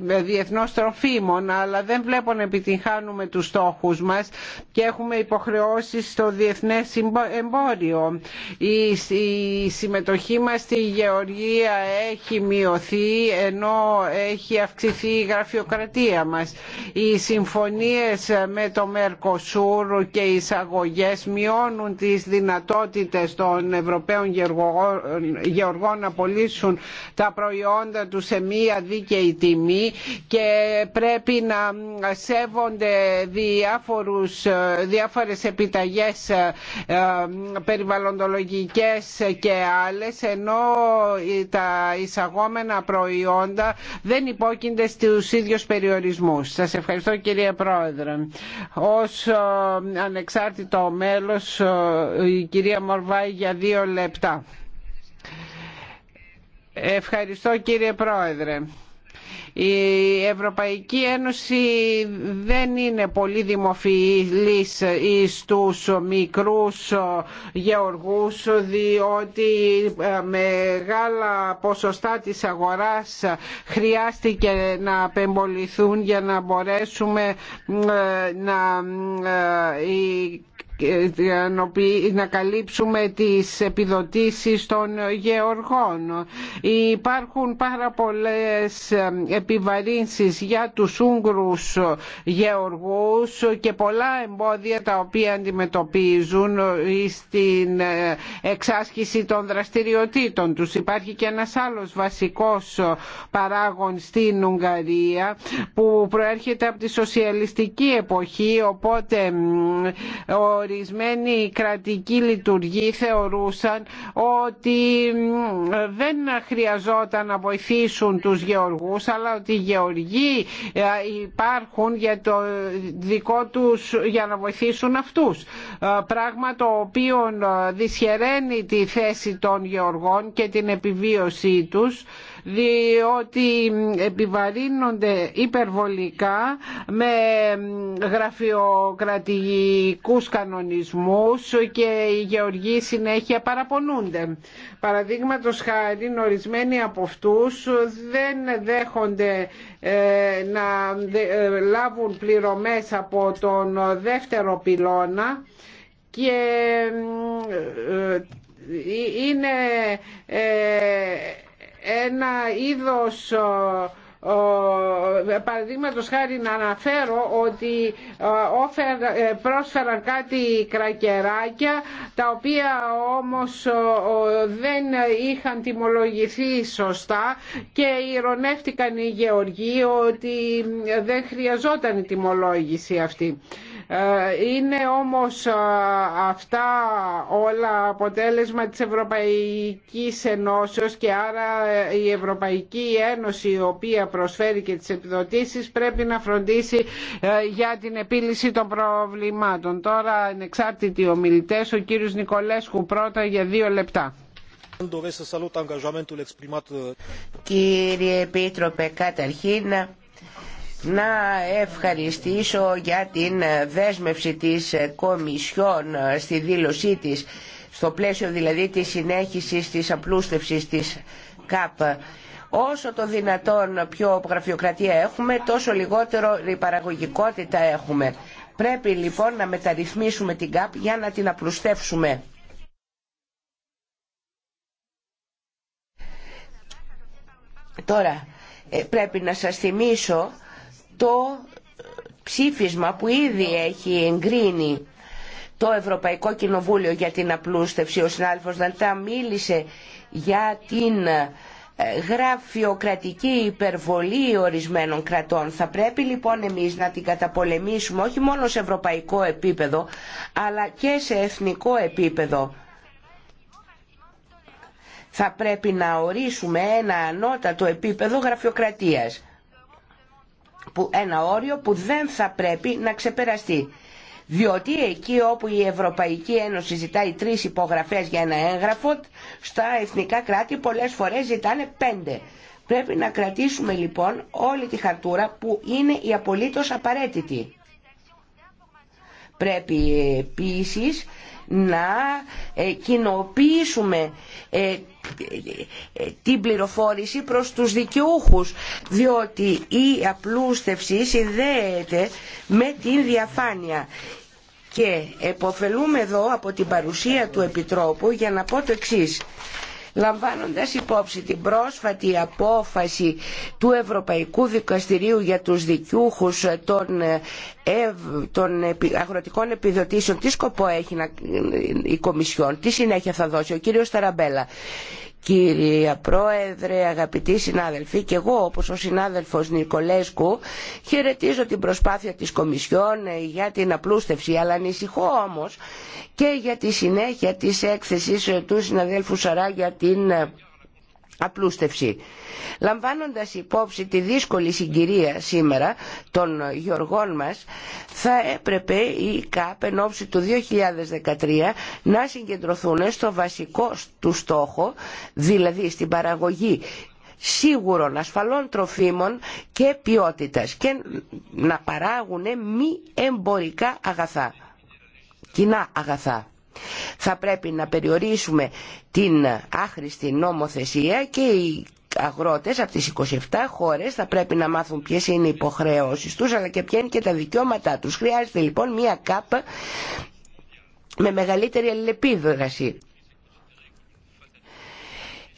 ε, διεθνώς τροφίμων αλλά δεν βλέπω να επιτυγχάνουμε τους στόχους μας και έχουμε υποχρεώσεις στο διεθνές εμπόριο. Η συμμετοχή μας στη γεωργία έχει μειωθεί ενώ έχει αυξηθεί η γραφειοκρατία μας. Οι συμφωνίες με το Μερκοσούρ και οι εισαγωγές μειώνουν τις δυνατότητες των Ευρωπαίων γεωργών να πωλήσουν τα προϊόντα τους σε μία δίκαιη τιμή και πρέπει να σέβονται διάφορους, διάφορες επιταγές ε, περιβαλλοντολογικές και άλλες ενώ τα εισαγόμενα προϊόντα δεν υπόκεινται στους ίδιους περιορισμούς. Σας ευχαριστώ κυρία Πρόεδρε ανεξάρτητο μέλος η κυρία Μορβάη για δύο λεπτά. Ευχαριστώ κύριε Πρόεδρε. Η Ευρωπαϊκή Ένωση δεν είναι πολύ δημοφιλής στους μικρούς γεωργούς διότι ε, μεγάλα ποσοστά της αγοράς χρειάστηκε να απεμποληθούν για να μπορέσουμε ε, να ε, να καλύψουμε τις επιδοτήσεις των γεωργών. Υπάρχουν πάρα πολλές ε, επιβαρύνσεις για τους Ούγγρους γεωργούς και πολλά εμπόδια τα οποία αντιμετωπίζουν ε, στην ε, εξάσκηση των δραστηριοτήτων τους. Υπάρχει και ένας άλλος βασικός παράγων στην Ουγγαρία που προέρχεται από τη σοσιαλιστική εποχή οπότε ορισμένοι κρατικοί λειτουργοί θεωρούσαν ότι δεν χρειαζόταν να βοηθήσουν τους γεωργούς αλλά ότι οι γεωργοί ε, υπάρχουν για, το δικό τους, για να βοηθήσουν αυτούς. Ε, πράγμα το οποίο ε, δυσχεραίνει τη θέση των γεωργών και την επιβίωσή τους διότι επιβαρύνονται υπερβολικά με γραφειοκρατικούς κανονισμούς και οι γεωργοί συνέχεια παραπονούνται. Παραδείγματο χάρη, ορισμένοι από αυτούς δεν δέχονται ε, να ε, λάβουν πληρωμές από τον δεύτερο πυλώνα και ε, είναι ένα είδος Παραδείγματο χάρη να αναφέρω ότι ε, πρόσφεραν κάτι κρακεράκια τα οποία όμως δεν είχαν τιμολογηθεί σωστά και ηρωνεύτηκαν οι γεωργοί ότι δεν χρειαζόταν η τιμολόγηση αυτή. Ε, είναι όμως ε, αυτά όλα αποτέλεσμα της Ευρωπαϊκής Ενώσεως και άρα η Ευρωπαϊκή Ένωση η οποία προσφέρει και τις επιδοτήσεις πρέπει να φροντίσει ε, για την επίλυση των προβλημάτων. Τώρα ανεξάρτητοι ομιλητές, ο κύριος Νικολέσκου πρώτα για δύο λεπτά. Κύριε Επίτροπε, καταρχήν να ευχαριστήσω για την δέσμευση της Κομισιόν στη δήλωσή της στο πλαίσιο δηλαδή της συνέχισης της απλούστευσης της ΚΑΠ. Όσο το δυνατόν πιο γραφειοκρατία έχουμε, τόσο λιγότερο η παραγωγικότητα έχουμε. Πρέπει λοιπόν να μεταρρυθμίσουμε την ΚΑΠ για να την απλουστεύσουμε. Τώρα, ε, πρέπει να σας θυμίσω το ψήφισμα που ήδη έχει εγκρίνει το Ευρωπαϊκό Κοινοβούλιο για την απλούστευση. Ο συνάδελφος Δαλτά μίλησε για την ε, γραφειοκρατική υπερβολή ορισμένων κρατών. Θα πρέπει λοιπόν εμείς να την καταπολεμήσουμε όχι μόνο σε ευρωπαϊκό επίπεδο αλλά και σε εθνικό επίπεδο. Θα πρέπει να ορίσουμε ένα ανώτατο επίπεδο γραφειοκρατίας που, ένα όριο που δεν θα πρέπει να ξεπεραστεί. Διότι εκεί όπου η Ευρωπαϊκή Ένωση ζητάει τρεις υπογραφές για ένα έγγραφο, στα εθνικά κράτη πολλές φορές ζητάνε πέντε. Πρέπει να κρατήσουμε λοιπόν όλη τη χαρτούρα που είναι η απολύτως απαραίτητη. Πρέπει επίσης να ε, κοινοποιήσουμε ε, ε, την πληροφόρηση προς τους δικαιούχους διότι η απλούστευση συνδέεται με την διαφάνεια και εποφελούμε εδώ από την παρουσία του Επιτρόπου για να πω το εξής λαμβάνοντας υπόψη την πρόσφατη απόφαση του Ευρωπαϊκού Δικαστηρίου για τους δικιούχους των, αγροτικών επιδοτήσεων, τι σκοπό έχει η Κομισιόν, τι συνέχεια θα δώσει ο κύριος Ταραμπέλα Κύριε Πρόεδρε, αγαπητοί συνάδελφοι, και εγώ όπως ο συνάδελφος Νικολέσκου χαιρετίζω την προσπάθεια της Κομισιόν ε, για την απλούστευση, αλλά ανησυχώ όμως και για τη συνέχεια της έκθεσης ε, του συναδέλφου Σαρά για την ε, απλούστευση. Λαμβάνοντας υπόψη τη δύσκολη συγκυρία σήμερα των γεωργών μας, θα έπρεπε οι ΚΑΠ εν ώψη του 2013 να συγκεντρωθούν στο βασικό του στόχο, δηλαδή στην παραγωγή σίγουρων ασφαλών τροφίμων και ποιότητας και να παράγουν μη εμπορικά αγαθά, κοινά αγαθά. Θα πρέπει να περιορίσουμε την άχρηστη νομοθεσία και οι αγρότες από τις 27 χώρες θα πρέπει να μάθουν ποιες είναι οι υποχρεώσεις τους αλλά και ποια είναι και τα δικαιώματά τους. Χρειάζεται λοιπόν μια κάπα με μεγαλύτερη αλληλεπίδραση.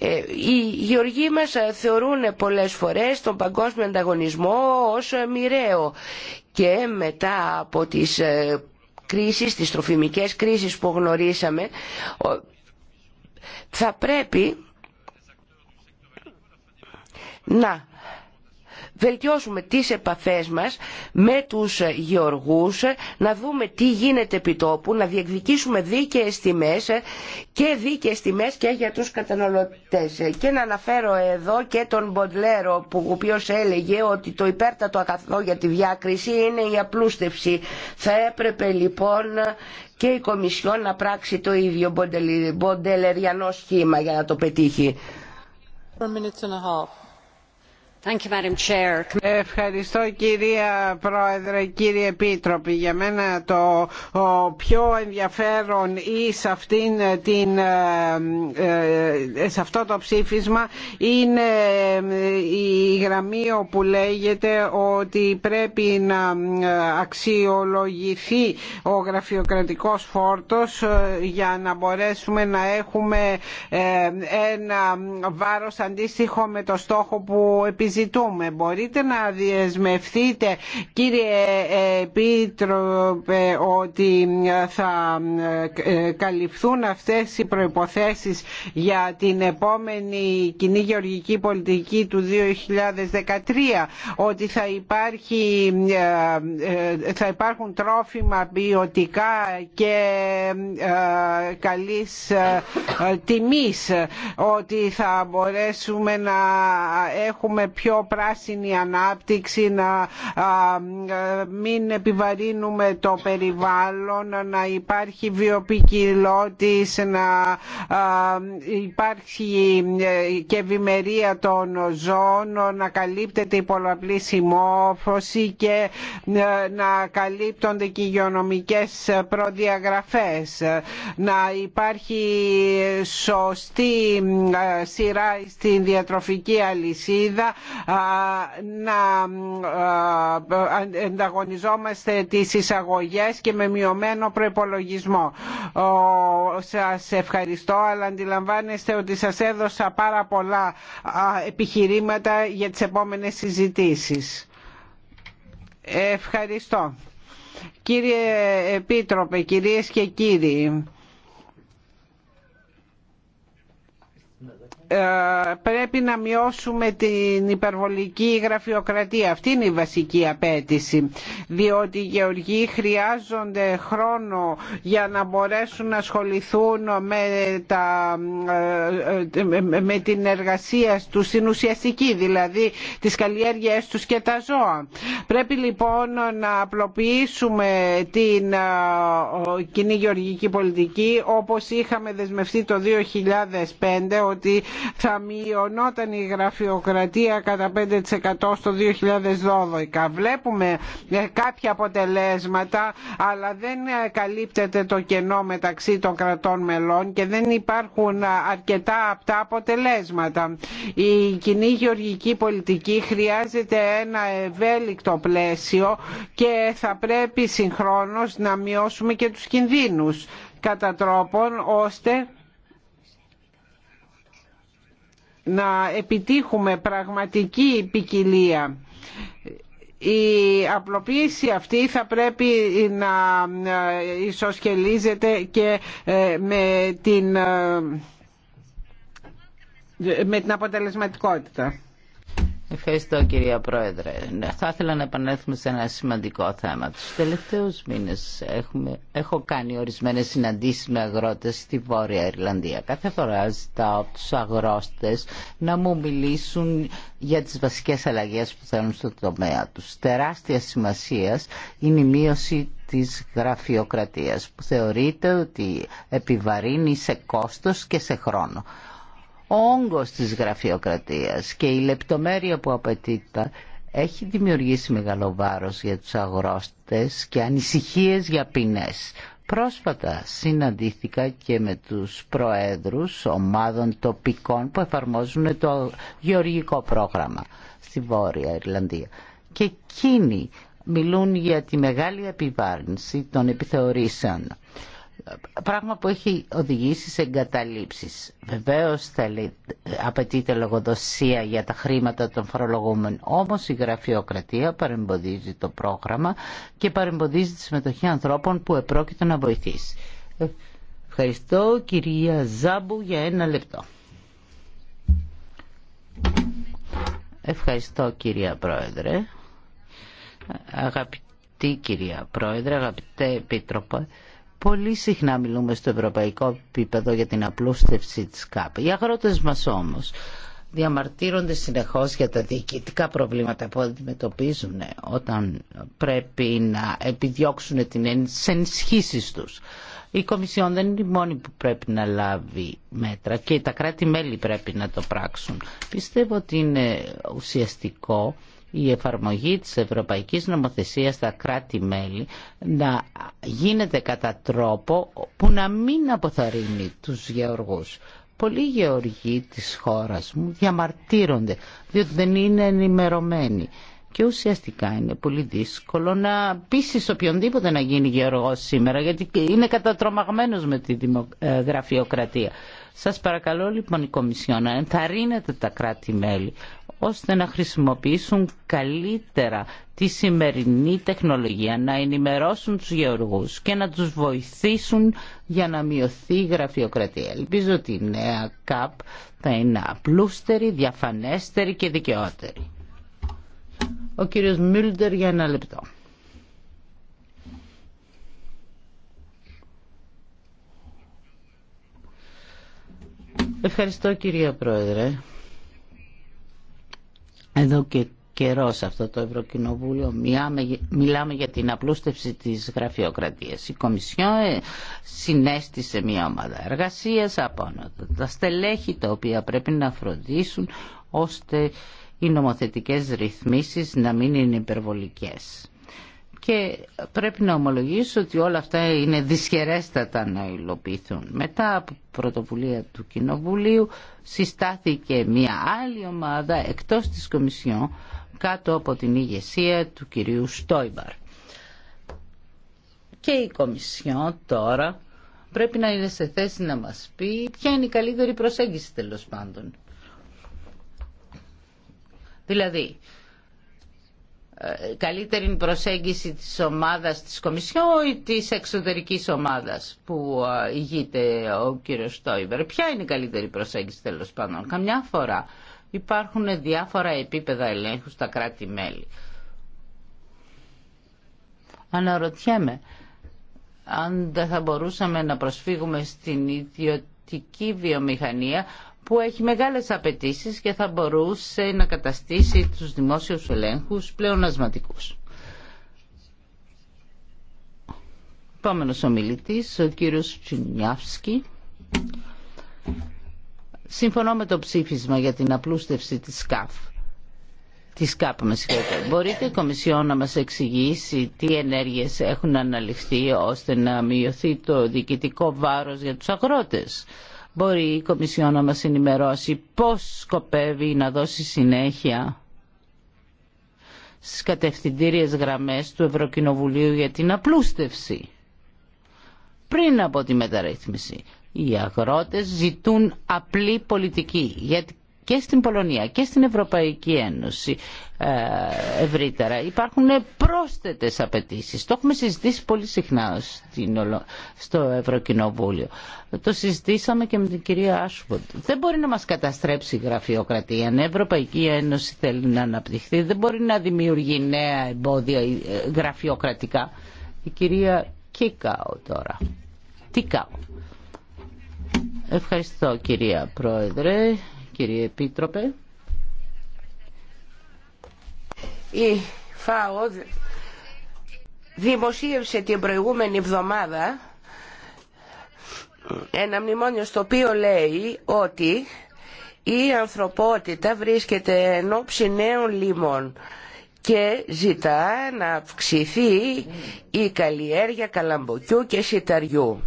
Ε, οι γεωργοί μας θεωρούν πολλές φορές τον παγκόσμιο ανταγωνισμό ως μοιραίο και μετά από τις ε, κρίσεις, τις τροφιμικές κρίσεις που γνωρίσαμε, θα πρέπει να βελτιώσουμε τις επαφές μας με τους γεωργούς, να δούμε τι γίνεται επί τόπου, να διεκδικήσουμε δίκαιες τιμές και δίκαιες τιμές και για τους καταναλωτές. Και να αναφέρω εδώ και τον Μποντλέρο, που, ο οποίος έλεγε ότι το υπέρτατο αγαθό για τη διάκριση είναι η απλούστευση. Θα έπρεπε λοιπόν και η Κομισιόν να πράξει το ίδιο μποντελεριανό σχήμα για να το πετύχει. Ευχαριστώ κυρία Πρόεδρε, κύριε Επίτροπη. Για μένα το πιο ενδιαφέρον ή σε, την, ε, ε, σε αυτό το ψήφισμα είναι ε, η γραμμή όπου λέγεται ότι πρέπει να αξιολογηθεί ο γραφειοκρατικός φόρτος για να μπορέσουμε να έχουμε ένα βάρος αντίστοιχο με το στόχο που επιζητούμε συζητούμε. Μπορείτε να διεσμευτείτε κύριε Επίτροπε ότι θα ε, καλυφθούν αυτές οι προϋποθέσεις για την επόμενη κοινή γεωργική πολιτική του 2013 ότι θα, υπάρχει, ε, ε, θα υπάρχουν τρόφιμα ποιοτικά και καλής τιμής ότι θα μπορέσουμε να έχουμε πιο πράσινη ανάπτυξη, να μην επιβαρύνουμε το περιβάλλον, να υπάρχει βιοπικιλότης, να υπάρχει και ευημερία των ζώων, να καλύπτεται η πολλαπλή συμμόφωση και ε, να καλύπτονται και οι προδιαγραφές. Να υπάρχει σωστή ε, σειρά στην διατροφική αλυσίδα να ενταγωνιζόμαστε τις εισαγωγές και με μειωμένο προπολογισμό. Σας ευχαριστώ αλλά αντιλαμβάνεστε ότι σας έδωσα πάρα πολλά επιχειρήματα για τις επόμενες συζητήσεις. Ευχαριστώ. Κύριε Επίτροπε, κυρίες και κύριοι, Ε, πρέπει να μειώσουμε την υπερβολική γραφειοκρατία. Αυτή είναι η βασική απέτηση. Διότι οι γεωργοί χρειάζονται χρόνο για να μπορέσουν να ασχοληθούν με, ε, ε, την εργασία του στην ουσιαστική, δηλαδή τις καλλιέργειές τους και τα ζώα. Πρέπει λοιπόν να απλοποιήσουμε την κοινή γεωργική πολιτική όπως είχαμε δεσμευτεί το 2005 ότι θα μειωνόταν η γραφειοκρατία κατά 5% στο 2012. Βλέπουμε ε, κάποια αποτελέσματα αλλά δεν ε, καλύπτεται το κενό μεταξύ των κρατών μελών και δεν υπάρχουν ε, αρκετά αυτά αποτελέσματα. Η κοινή γεωργική πολιτική χρειάζεται ένα ευέλικτο πλαίσιο και θα πρέπει συγχρόνως να μειώσουμε και τους κινδύνους κατά τρόπον ώστε να επιτύχουμε πραγματική ποικιλία η απλοποίηση αυτή θα πρέπει να ε, ισοσκελίζεται και ε, με την, ε, με την αποτελεσματικότητα. Ευχαριστώ κυρία Πρόεδρε. Ναι, θα ήθελα να επανέλθουμε σε ένα σημαντικό θέμα. Τους τελευταίους μήνες έχουμε, έχω κάνει ορισμένες συναντήσεις με αγρότες στη Βόρεια Ιρλανδία. Κάθε φορά ζητάω τους αγρότες να μου μιλήσουν για τις βασικές αλλαγές που θέλουν στο τομέα τους. Τεράστια σημασία είναι η μείωση της γραφειοκρατίας που θεωρείται ότι επιβαρύνει σε κόστος και σε χρόνο ο όγκος της γραφειοκρατίας και η λεπτομέρεια που απαιτείται έχει δημιουργήσει μεγάλο βάρος για τους αγρόστες και ανησυχίες για ποινές. Πρόσφατα συναντήθηκα και με τους προέδρους ομάδων τοπικών που εφαρμόζουν το γεωργικό πρόγραμμα στη Βόρεια Ιρλανδία. Και εκείνοι μιλούν για τη μεγάλη επιβάρυνση των επιθεωρήσεων πράγμα που έχει οδηγήσει σε εγκαταλείψει. Βεβαίω απαιτείται λογοδοσία για τα χρήματα των φορολογούμενων, όμως η γραφειοκρατία παρεμποδίζει το πρόγραμμα και παρεμποδίζει τη συμμετοχή ανθρώπων που επρόκειτο να βοηθήσει. Ευχαριστώ κυρία Ζάμπου για ένα λεπτό. Ευχαριστώ κυρία Πρόεδρε. Αγαπητή κυρία Πρόεδρε, αγαπητέ Επίτροπο. Πολύ συχνά μιλούμε στο ευρωπαϊκό επίπεδο για την απλούστευση της ΚΑΠ. Οι αγρότες μας όμως διαμαρτύρονται συνεχώς για τα διοικητικά προβλήματα που αντιμετωπίζουν ναι, όταν πρέπει να επιδιώξουν την ενισχύσει τους. Η Κομισιόν δεν είναι η μόνη που πρέπει να λάβει μέτρα και τα κράτη-μέλη πρέπει να το πράξουν. Πιστεύω ότι είναι ουσιαστικό η εφαρμογή της ευρωπαϊκής νομοθεσίας στα κράτη-μέλη να γίνεται κατά τρόπο που να μην αποθαρρύνει τους γεωργούς. Πολλοί γεωργοί της χώρας μου διαμαρτύρονται διότι δεν είναι ενημερωμένοι και ουσιαστικά είναι πολύ δύσκολο να πείσει οποιονδήποτε να γίνει γεωργός σήμερα γιατί είναι κατατρομαγμένος με τη ε, γραφειοκρατία. Σας παρακαλώ λοιπόν η Κομισιόν να ενθαρρύνετε τα κράτη-μέλη ώστε να χρησιμοποιήσουν καλύτερα τη σημερινή τεχνολογία, να ενημερώσουν τους γεωργούς και να τους βοηθήσουν για να μειωθεί η γραφειοκρατία. Ελπίζω ότι η νέα ΚΑΠ θα είναι απλούστερη, διαφανέστερη και δικαιότερη. Ο κύριος Μίλντερ για ένα λεπτό. Ευχαριστώ κυρία Πρόεδρε εδώ και καιρό σε αυτό το Ευρωκοινοβούλιο μιλάμε, για την απλούστευση της γραφειοκρατίας. Η Κομισιό ε, συνέστησε μια ομάδα εργασίας από τα στελέχη τα οποία πρέπει να φροντίσουν ώστε οι νομοθετικές ρυθμίσεις να μην είναι υπερβολικές και πρέπει να ομολογήσω ότι όλα αυτά είναι δυσχερέστατα να υλοποιηθούν. Μετά από πρωτοβουλία του Κοινοβουλίου συστάθηκε μια άλλη ομάδα εκτός της Κομισιόν κάτω από την ηγεσία του κυρίου Στόιμπαρ. Και η Κομισιόν τώρα πρέπει να είναι σε θέση να μας πει ποια είναι η καλύτερη προσέγγιση τέλος πάντων. Δηλαδή, ε, καλύτερη προσέγγιση της ομάδας της Κομισιό ή της εξωτερικής ομάδας που ε, ηγείται ο κύριος Στόιβερ. Ποια είναι η καλύτερη προσέγγιση τέλος πάντων. Καμιά φορά υπάρχουν διάφορα επίπεδα ελέγχου στα κράτη-μέλη. Αναρωτιέμαι αν δεν θα μπορούσαμε να προσφύγουμε στην ιδιωτική βιομηχανία που έχει μεγάλες απαιτήσεις και θα μπορούσε να καταστήσει τους δημόσιους ελέγχους πλεονασματικούς. Επόμενος ομιλητής, ο κύριος Τσινιάφσκι. Συμφωνώ με το ψήφισμα για την απλούστευση της ΚΑΦ. Της ΚΑΠ, με συγχωρείτε. Μπορείτε η Κομισιό να μας εξηγήσει τι ενέργειες έχουν αναλυφθεί ώστε να μειωθεί το διοικητικό βάρος για τους αγρότες μπορεί η Κομισιόν να μας ενημερώσει πώς σκοπεύει να δώσει συνέχεια στις κατευθυντήριες γραμμές του Ευρωκοινοβουλίου για την απλούστευση. Πριν από τη μεταρρύθμιση, οι αγρότες ζητούν απλή πολιτική. Γιατί και στην Πολωνία και στην Ευρωπαϊκή Ένωση ε, ευρύτερα υπάρχουν πρόσθετες απαιτήσεις. Το έχουμε συζητήσει πολύ συχνά στο Ευρωκοινοβούλιο. Το συζητήσαμε και με την κυρία Άσουμποντ. Δεν μπορεί να μας καταστρέψει η γραφειοκρατία. η Ευρωπαϊκή Ένωση θέλει να αναπτυχθεί δεν μπορεί να δημιουργεί νέα εμπόδια ε, γραφειοκρατικά. Η κυρία Κίκαο τώρα. κάω. Ευχαριστώ κυρία Πρόεδρε κύριε Επίτροπε. Η ΦΑΟ δημοσίευσε την προηγούμενη εβδομάδα ένα μνημόνιο στο οποίο λέει ότι η ανθρωπότητα βρίσκεται εν ώψη νέων λίμων και ζητά να αυξηθεί η καλλιέργεια καλαμποκιού και σιταριού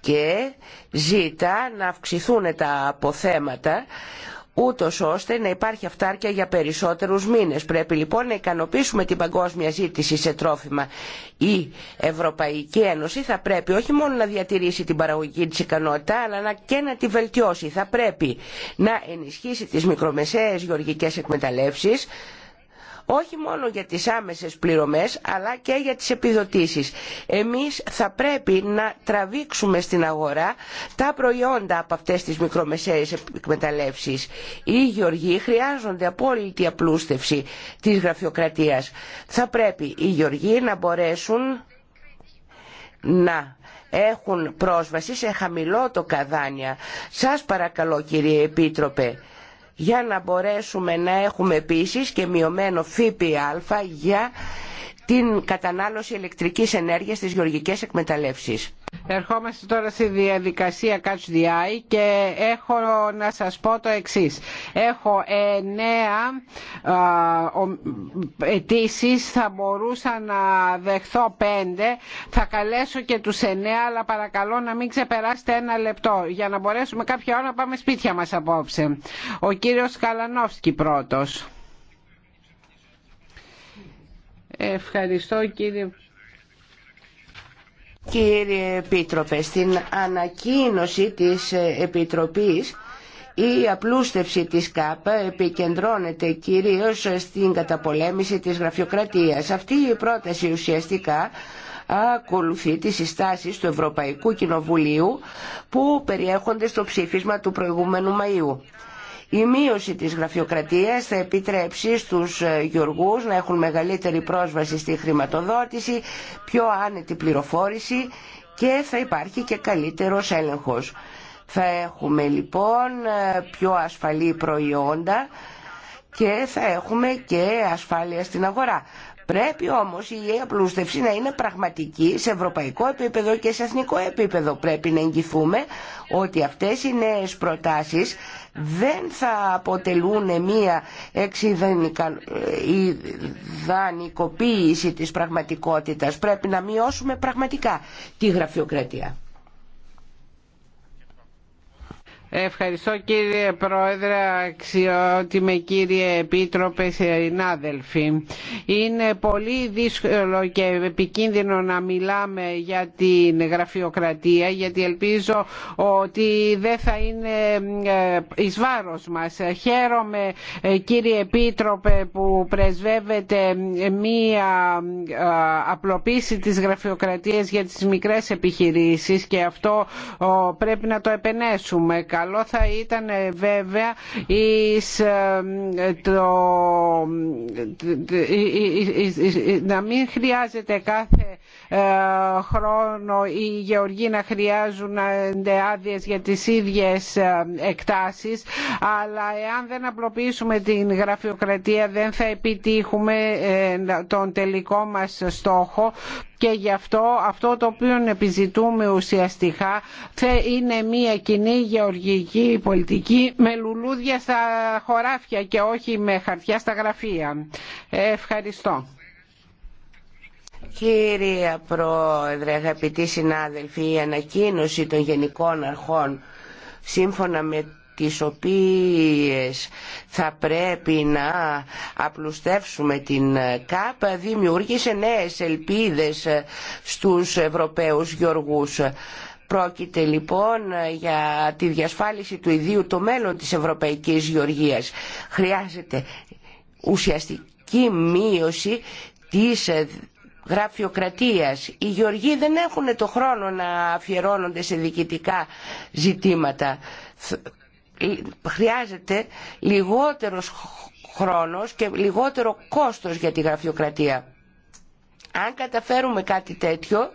και ζητά να αυξηθούν τα αποθέματα ούτως ώστε να υπάρχει αυτάρκεια για περισσότερους μήνες. Πρέπει λοιπόν να ικανοποιήσουμε την παγκόσμια ζήτηση σε τρόφιμα. Η Ευρωπαϊκή Ένωση θα πρέπει όχι μόνο να διατηρήσει την παραγωγική της ικανότητα αλλά και να τη βελτιώσει. Θα πρέπει να ενισχύσει τις μικρομεσαίες γεωργικές εκμεταλλεύσεις όχι μόνο για τις άμεσες πληρωμές αλλά και για τις επιδοτήσεις. Εμείς θα πρέπει να τραβήξουμε στην αγορά τα προϊόντα από αυτές τις μικρομεσαίες εκμεταλλεύσεις. Οι γεωργοί χρειάζονται απόλυτη απλούστευση της γραφειοκρατίας. Θα πρέπει οι γεωργοί να μπορέσουν να έχουν πρόσβαση σε χαμηλότοκα δάνεια. Σας παρακαλώ κύριε Επίτροπε για να μπορέσουμε να έχουμε επίσης και μειωμένο ΦΠΑ για την κατανάλωση ηλεκτρικής ενέργειας στις γεωργικές εκμεταλλεύσεις. Ερχόμαστε τώρα στη διαδικασία Catch the Eye και έχω να σας πω το εξής. Έχω εννέα αιτήσει, θα μπορούσα να δεχθώ πέντε. Θα καλέσω και τους εννέα, αλλά παρακαλώ να μην ξεπεράσετε ένα λεπτό για να μπορέσουμε κάποια ώρα να πάμε σπίτια μας απόψε. Ο κύριος Καλανόφσκι πρώτος. Ευχαριστώ κύριε Κύριε Επίτροπε, στην ανακοίνωση της Επιτροπής η απλούστευση της ΚΑΠΑ επικεντρώνεται κυρίως στην καταπολέμηση της γραφειοκρατίας. Αυτή η πρόταση ουσιαστικά ακολουθεί τις συστάσεις του Ευρωπαϊκού Κοινοβουλίου που περιέχονται στο ψήφισμα του προηγούμενου Μαΐου. Η μείωση της γραφειοκρατίας θα επιτρέψει στους ε, γιοργούς να έχουν μεγαλύτερη πρόσβαση στη χρηματοδότηση, πιο άνετη πληροφόρηση και θα υπάρχει και καλύτερος έλεγχος. Θα έχουμε λοιπόν ε, πιο ασφαλή προϊόντα και θα έχουμε και ασφάλεια στην αγορά. Πρέπει όμως η απλούστευση να είναι πραγματική σε ευρωπαϊκό επίπεδο και σε εθνικό επίπεδο. Πρέπει να εγγυθούμε ότι αυτές οι νέες προτάσεις δεν θα αποτελούν μία εξειδανικοποίηση ε, της πραγματικότητας. Πρέπει να μειώσουμε πραγματικά τη γραφειοκρατία. Ευχαριστώ κύριε Πρόεδρε, αξιότιμε κύριε Επίτροπε, συνάδελφοι. Είναι πολύ δύσκολο και επικίνδυνο να μιλάμε για την γραφειοκρατία, γιατί ελπίζω ότι δεν θα είναι ε, εις βάρος μας. Χαίρομαι ε, κύριε Επίτροπε που πρεσβεύεται μία ε, απλοποίηση της γραφειοκρατίας για τις μικρές επιχειρήσεις και αυτό πρέπει να το επενέσουμε Καλό θα ήταν βέβαια να μην χρειάζεται κάθε ε, χρόνο οι γεωργοί να χρειάζουν ε, άδειε για τις ίδιες ε, εκτάσεις αλλά εάν δεν απλοποιήσουμε την γραφειοκρατία δεν θα επιτύχουμε τον τελικό μας στόχο και γι' αυτό αυτό το οποίο επιζητούμε ουσιαστικά θα είναι μια κοινή γεωργική πολιτική με λουλούδια στα χωράφια και όχι με χαρτιά στα γραφεία. Ευχαριστώ. Κύριε Πρόεδρε, αγαπητοί συνάδελφοι, η ανακοίνωση των γενικών αρχών σύμφωνα με τις οποίες θα πρέπει να απλουστεύσουμε την ΚΑΠ δημιούργησε νέες ελπίδες στους Ευρωπαίους γεωργούς. Πρόκειται λοιπόν για τη διασφάλιση του ιδίου το μέλλον της Ευρωπαϊκής Γεωργίας. Χρειάζεται ουσιαστική μείωση της γραφειοκρατίας. Οι γεωργοί δεν έχουν το χρόνο να αφιερώνονται σε διοικητικά ζητήματα χρειάζεται λιγότερος χρόνος και λιγότερο κόστος για τη γραφειοκρατία. Αν καταφέρουμε κάτι τέτοιο,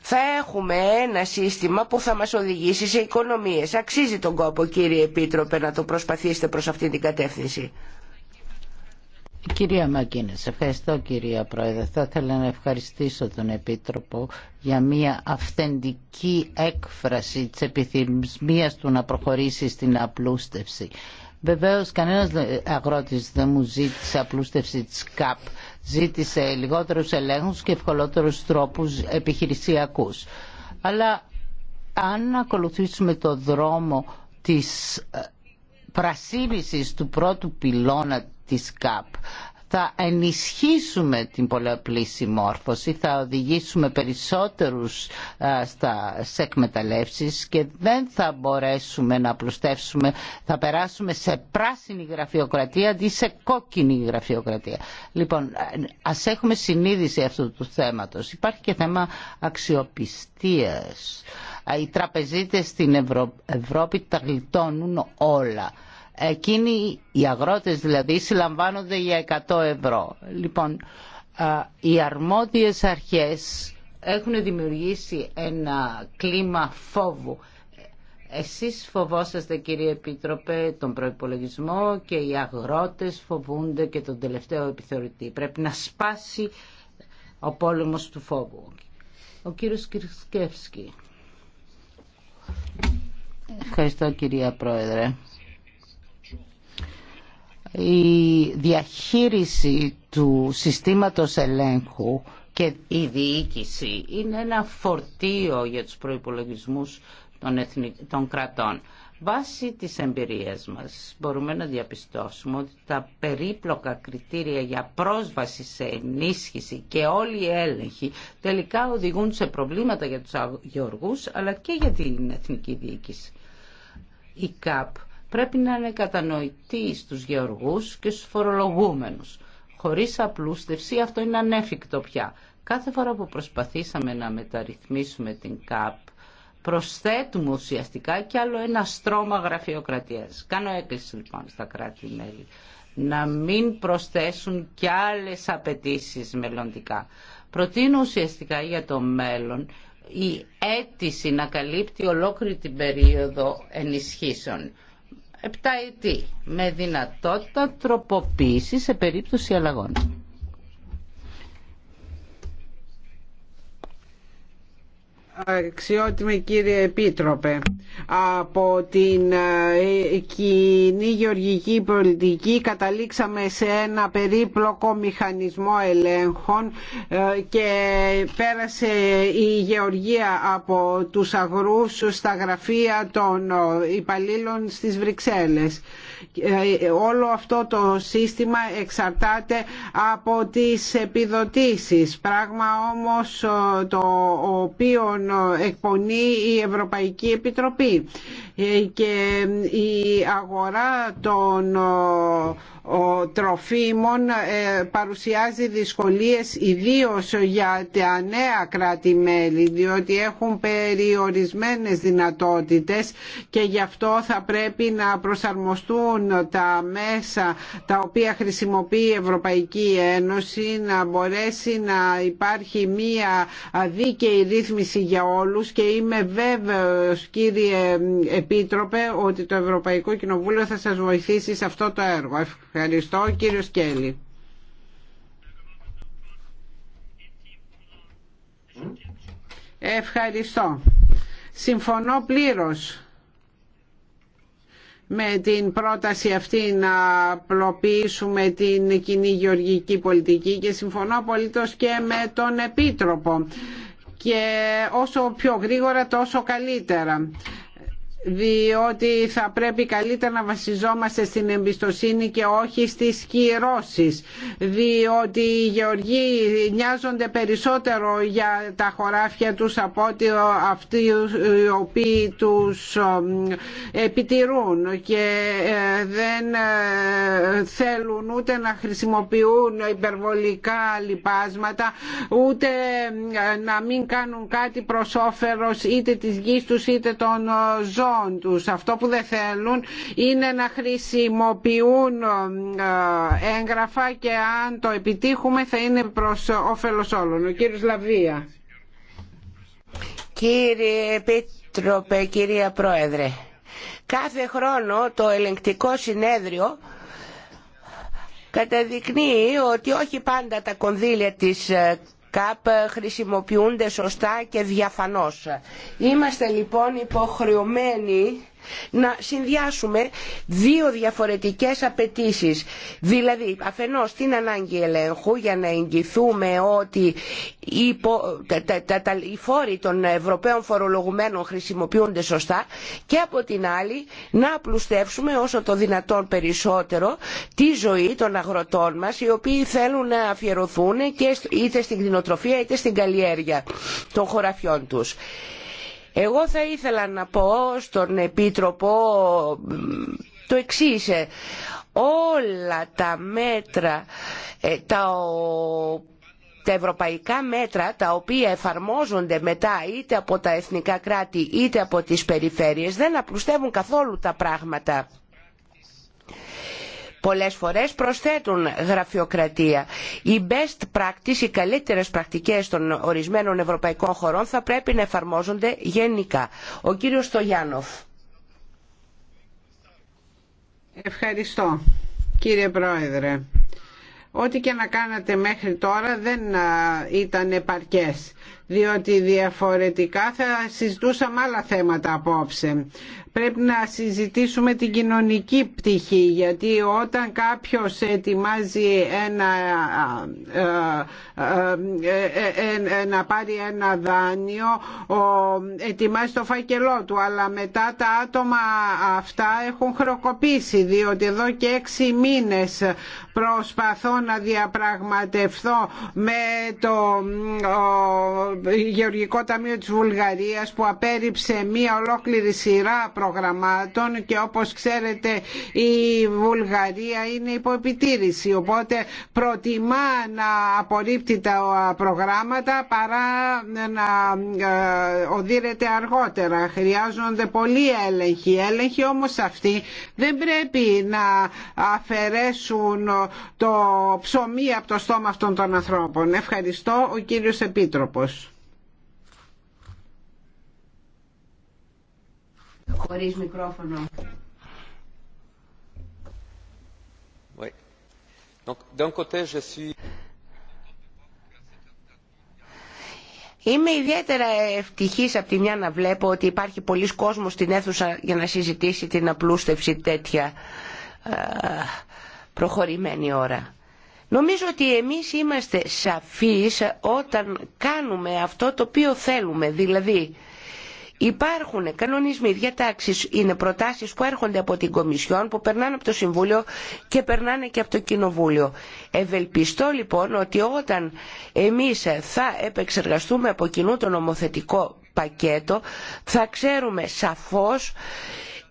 θα έχουμε ένα σύστημα που θα μας οδηγήσει σε οικονομίες. Αξίζει τον κόπο κύριε Επίτροπε να το προσπαθήσετε προς αυτήν την κατεύθυνση. Κυρία Μακίνε, ευχαριστώ κυρία Πρόεδρε. Θα ήθελα να ευχαριστήσω τον Επίτροπο για μια αυθεντική έκφραση της επιθυμίας του να προχωρήσει στην απλούστευση. Βεβαίως κανένας αγρότης δεν μου ζήτησε απλούστευση της ΚΑΠ. Ζήτησε λιγότερους ελέγχους και ευκολότερους τρόπους επιχειρησιακούς. Αλλά αν ακολουθήσουμε το δρόμο της ε, πρασίνησης του πρώτου πυλώνα της ΚΑΠ θα ενισχύσουμε την πολλαπλή συμμόρφωση, θα οδηγήσουμε περισσότερους στα, σε εκμεταλλεύσεις και δεν θα μπορέσουμε να πλουστεύσουμε, θα περάσουμε σε πράσινη γραφειοκρατία αντί σε κόκκινη γραφειοκρατία. Λοιπόν, ας έχουμε συνείδηση αυτού του θέματος. Υπάρχει και θέμα αξιοπιστίας. Οι τραπεζίτες στην Ευρώπη τα γλιτώνουν όλα Εκείνοι οι αγρότες δηλαδή συλλαμβάνονται για 100 ευρώ. Λοιπόν, οι αρμόδιες αρχές έχουν δημιουργήσει ένα κλίμα φόβου. Εσείς φοβόσαστε κύριε Επιτροπέ τον προϋπολογισμό και οι αγρότες φοβούνται και τον τελευταίο επιθεωρητή. Πρέπει να σπάσει ο πόλεμος του φόβου. Ο κύριος Κυρσκεύσκη. Ευχαριστώ κυρία Πρόεδρε η διαχείριση του συστήματος ελέγχου και η διοίκηση είναι ένα φορτίο για τους προϋπολογισμούς των, κρατών. Βάσει της εμπειρίας μας μπορούμε να διαπιστώσουμε ότι τα περίπλοκα κριτήρια για πρόσβαση σε ενίσχυση και όλοι οι έλεγχοι τελικά οδηγούν σε προβλήματα για τους αγιοργούς, αλλά και για την εθνική διοίκηση. Η ΚΑΠ πρέπει να είναι κατανοητή στους γεωργούς και στους φορολογούμενους. Χωρίς απλούστευση αυτό είναι ανέφικτο πια. Κάθε φορά που προσπαθήσαμε να μεταρρυθμίσουμε την ΚΑΠ, προσθέτουμε ουσιαστικά κι άλλο ένα στρώμα γραφειοκρατίας. Κάνω έκκληση λοιπόν στα κράτη-μέλη να μην προσθέσουν κι άλλες απαιτήσει μελλοντικά. Προτείνω ουσιαστικά για το μέλλον η αίτηση να καλύπτει ολόκληρη την περίοδο ενισχύσεων ετή με δυνατότητα τροποποίηση σε περίπτωση αλλαγών. Αξιότιμη κύριε Επίτροπε, από την ε, κοινή γεωργική πολιτική καταλήξαμε σε ένα περίπλοκο μηχανισμό ελέγχων ε, και πέρασε η γεωργία από τους αγρούς στα γραφεία των ε, υπαλλήλων στις Βρυξέλλες. Όλο αυτό το σύστημα εξαρτάται από τις επιδοτήσεις, πράγμα όμως το οποίο εκπονεί η Ευρωπαϊκή Επιτροπή ε, και η αγορά των τροφίμων ε, παρουσιάζει δυσκολίες ιδίως για τα νέα κράτη-μέλη διότι έχουν περιορισμένες δυνατότητες και γι' αυτό θα πρέπει να προσαρμοστούν τα μέσα τα οποία χρησιμοποιεί η Ευρωπαϊκή Ένωση να μπορέσει να υπάρχει μία δίκαιη ρύθμιση για όλους και είμαι βέβαιος κύριε Επίτροπε ότι το Ευρωπαϊκό Κοινοβούλιο θα σας βοηθήσει σε αυτό το έργο. Ευχαριστώ κύριο Σκέλη. Ευχαριστώ. Συμφωνώ πλήρως με την πρόταση αυτή να απλοποιήσουμε την κοινή γεωργική πολιτική και συμφωνώ απολύτως και με τον Επίτροπο και όσο πιο γρήγορα τόσο καλύτερα διότι θα πρέπει καλύτερα να βασιζόμαστε στην εμπιστοσύνη και όχι στις κυρώσεις διότι οι γεωργοί νοιάζονται περισσότερο για τα χωράφια τους από ότι αυτοί οι οποίοι τους επιτηρούν και ε, δεν ε, θέλουν ούτε να χρησιμοποιούν υπερβολικά λοιπάσματα ούτε να μην κάνουν κάτι προς είτε της γης τους είτε των ε, ζώων αυτό που δεν θέλουν είναι να χρησιμοποιούν ε, ε, έγγραφα και αν το επιτύχουμε θα είναι προς όφελος όλων. Ο κύριος Λαβία. Κύριε Επίτροπε, κυρία Πρόεδρε, κάθε χρόνο το ελεγκτικό συνέδριο καταδεικνύει ότι όχι πάντα τα κονδύλια της ε, ΚΑΠ ε, χρησιμοποιούνται σωστά και διαφανώς. Είμαστε λοιπόν υποχρεωμένοι να συνδυάσουμε δύο διαφορετικές απαιτήσεις. Δηλαδή αφενός την ανάγκη ελέγχου για να εγγυθούμε ότι οι φόροι των Ευρωπαίων φορολογουμένων χρησιμοποιούνται σωστά και από την άλλη να απλουστεύσουμε όσο το δυνατόν περισσότερο τη ζωή των αγροτών μας οι οποίοι θέλουν να αφιερωθούν και είτε στην κτηνοτροφία είτε στην καλλιέργεια των χωραφιών τους. Εγώ θα ήθελα να πω στον Επίτροπο το εξής. Ε, όλα τα μέτρα, ε, τα ευρωπαϊκά μέτρα τα οποία εφαρμόζονται μετά είτε από τα εθνικά κράτη είτε από τις περιφέρειες δεν απλουστεύουν καθόλου τα πράγματα πολλές φορές προσθέτουν γραφειοκρατία. Οι best practice, οι καλύτερες πρακτικές των ορισμένων ευρωπαϊκών χωρών θα πρέπει να εφαρμόζονται γενικά. Ο κύριος Στογιάνοφ. Ευχαριστώ κύριε Πρόεδρε. Ό,τι και να κάνατε μέχρι τώρα δεν ήταν επαρκές διότι διαφορετικά θα συζητούσαμε άλλα θέματα απόψε πρέπει να συζητήσουμε την κοινωνική πτυχή γιατί όταν κάποιος ετοιμάζει ένα, ε, ε, ε, να πάρει ένα δάνειο ετοιμάζει το φάκελό του αλλά μετά τα άτομα αυτά έχουν χροκοπήσει διότι εδώ και έξι μήνες προσπαθώ να διαπραγματευθώ με το Γεωργικό Ταμείο της Βουλγαρίας που απέριψε μία ολόκληρη σειρά προ προγραμμάτων και όπως ξέρετε η Βουλγαρία είναι υπό επιτήρηση οπότε προτιμά να απορρίπτει τα προγράμματα παρά να ε, οδύρεται αργότερα. Χρειάζονται πολλοί έλεγχοι. Έλεγχοι όμως αυτοί δεν πρέπει να αφαιρέσουν το ψωμί από το στόμα αυτών των ανθρώπων. Ευχαριστώ ο κύριος Επίτροπος. Χωρίς μικρόφωνο. Oui. Donc, d'un côté, Είμαι ιδιαίτερα ευτυχή από τη μια να βλέπω ότι υπάρχει πολλοί κόσμος στην αίθουσα για να συζητήσει την απλούστευση τέτοια προχωρημένη ώρα. Νομίζω ότι εμείς είμαστε σαφείς όταν κάνουμε αυτό το οποίο θέλουμε, δηλαδή Υπάρχουν κανονισμοί, διατάξει είναι προτάσεις που έρχονται από την Κομισιόν, που περνάνε από το Συμβούλιο και περνάνε και από το Κοινοβούλιο. Ευελπιστώ λοιπόν ότι όταν εμείς θα επεξεργαστούμε από κοινού το νομοθετικό πακέτο, θα ξέρουμε σαφώς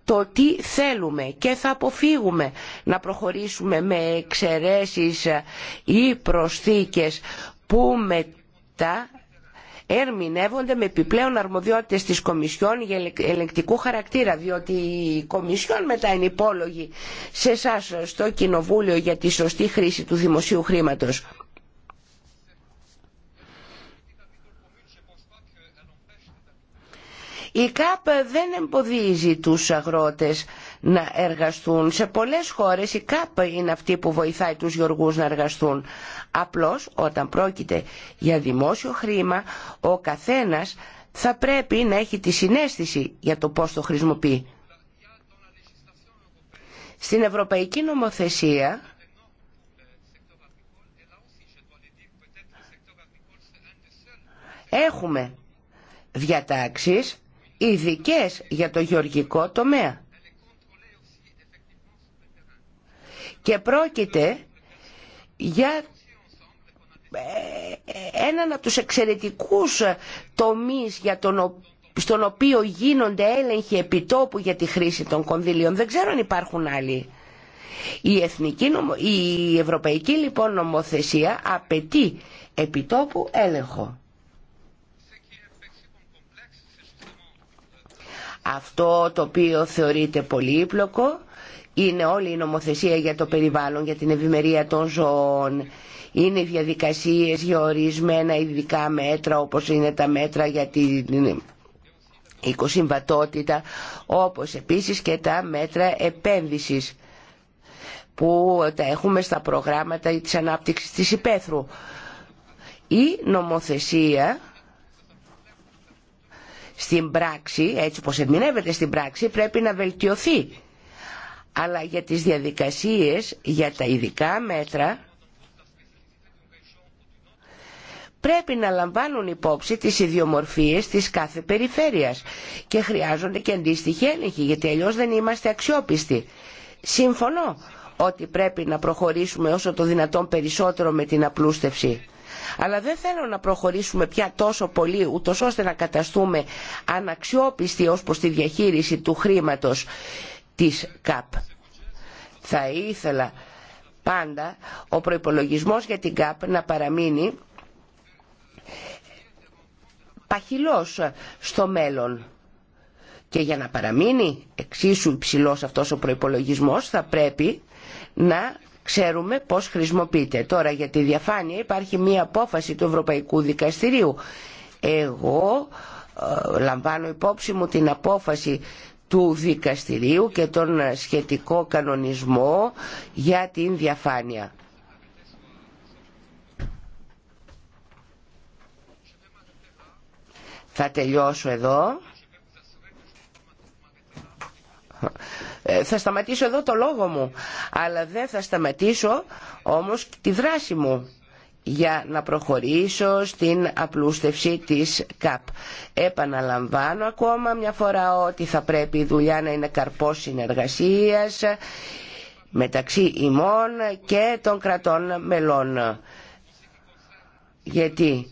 το τι θέλουμε και θα αποφύγουμε να προχωρήσουμε με εξαιρέσεις ή προσθήκες που μετά ερμηνεύονται με επιπλέον αρμοδιότητες της Κομισιόν για ελεγκτικού χαρακτήρα διότι η Κομισιόν μετά είναι υπόλογη σε εσά στο Κοινοβούλιο για τη σωστή χρήση του δημοσίου χρήματος. Η ΚΑΠ δεν εμποδίζει τους αγρότες να εργαστούν. Σε πολλές χώρες η ΚΑΠ είναι αυτή που βοηθάει τους γεωργούς να εργαστούν. Απλώς όταν πρόκειται για δημόσιο χρήμα ο καθένας θα πρέπει να έχει τη συνέστηση για το πώς το χρησιμοποιεί. Στην Ευρωπαϊκή Νομοθεσία έχουμε διατάξεις ειδικέ για το γεωργικό τομέα. Και πρόκειται για ε, έναν από τους εξαιρετικούς τομείς για τον στον οποίο γίνονται έλεγχοι επιτόπου για τη χρήση των κονδυλίων. Δεν ξέρω αν υπάρχουν άλλοι. Η, εθνική, η ευρωπαϊκή λοιπόν νομοθεσία απαιτεί επιτόπου έλεγχο. Αυτό το οποίο θεωρείται πολύπλοκο είναι όλη η νομοθεσία για το περιβάλλον, για την ευημερία των ζώων. Είναι διαδικασίες για ορισμένα ειδικά μέτρα όπως είναι τα μέτρα για την οικοσυμβατότητα όπως επίσης και τα μέτρα επένδυσης που τα έχουμε στα προγράμματα της ανάπτυξης της υπαίθρου. Η νομοθεσία στην πράξη, έτσι όπως ερμηνεύεται στην πράξη, πρέπει να βελτιωθεί αλλά για τις διαδικασίες, για τα ειδικά μέτρα, πρέπει να λαμβάνουν υπόψη τις ιδιομορφίες της κάθε περιφέρειας και χρειάζονται και αντίστοιχη έλεγχοι γιατί αλλιώς δεν είμαστε αξιόπιστοι. Σύμφωνο ότι πρέπει να προχωρήσουμε όσο το δυνατόν περισσότερο με την απλούστευση. Αλλά δεν θέλω να προχωρήσουμε πια τόσο πολύ, ούτως ώστε να καταστούμε αναξιόπιστοι ως προς τη διαχείριση του χρήματος της ΚΑΠ. Θα ήθελα πάντα ο προϋπολογισμός για την ΚΑΠ να παραμείνει παχυλός στο μέλλον. Και για να παραμείνει εξίσου υψηλός αυτός ο προϋπολογισμός θα πρέπει να ξέρουμε πώς χρησιμοποιείται. Τώρα για τη διαφάνεια υπάρχει μία απόφαση του Ευρωπαϊκού Δικαστηρίου. Εγώ ε, λαμβάνω υπόψη μου την απόφαση του δικαστηρίου και τον σχετικό κανονισμό για την διαφάνεια. Θα τελειώσω εδώ. Ε, θα σταματήσω εδώ το λόγο μου, αλλά δεν θα σταματήσω όμως τη δράση μου για να προχωρήσω στην απλούστευση της ΚΑΠ. Επαναλαμβάνω ακόμα μια φορά ότι θα πρέπει η δουλειά να είναι καρπός συνεργασίας μεταξύ ημών και των κρατών μελών. Γιατί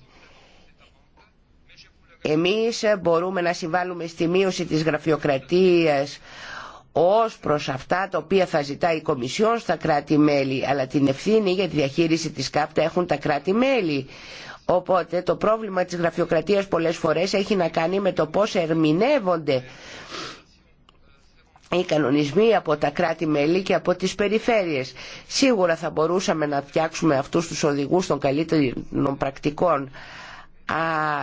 εμείς μπορούμε να συμβάλλουμε στη μείωση της γραφειοκρατίας ως προς αυτά τα οποία θα ζητάει η Κομισιόν στα κράτη-μέλη, αλλά την ευθύνη για τη διαχείριση της ΚΑΠΤΑ έχουν τα κράτη-μέλη. Οπότε το πρόβλημα της γραφειοκρατίας πολλές φορές έχει να κάνει με το πώς ερμηνεύονται οι κανονισμοί από τα κράτη-μέλη και από τις περιφέρειες. Σίγουρα θα μπορούσαμε να φτιάξουμε αυτούς τους οδηγούς των καλύτερων πρακτικών,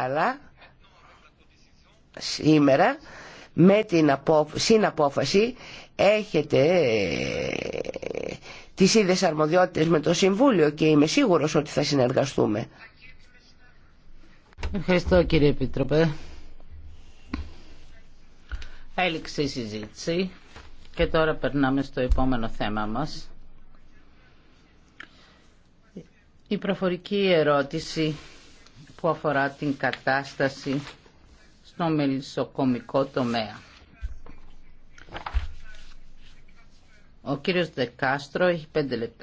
αλλά σήμερα με την συναπόφαση έχετε ε, τις ίδιες αρμοδιότητες με το Συμβούλιο και είμαι σίγουρος ότι θα συνεργαστούμε. Ευχαριστώ κύριε Επίτροπε. Έληξε η συζήτηση και τώρα περνάμε στο επόμενο θέμα μας. Η προφορική ερώτηση που αφορά την κατάσταση στο μελισσοκομικό τομέα. Ο κύριος Δεκάστρο έχει πέντε λεπτά.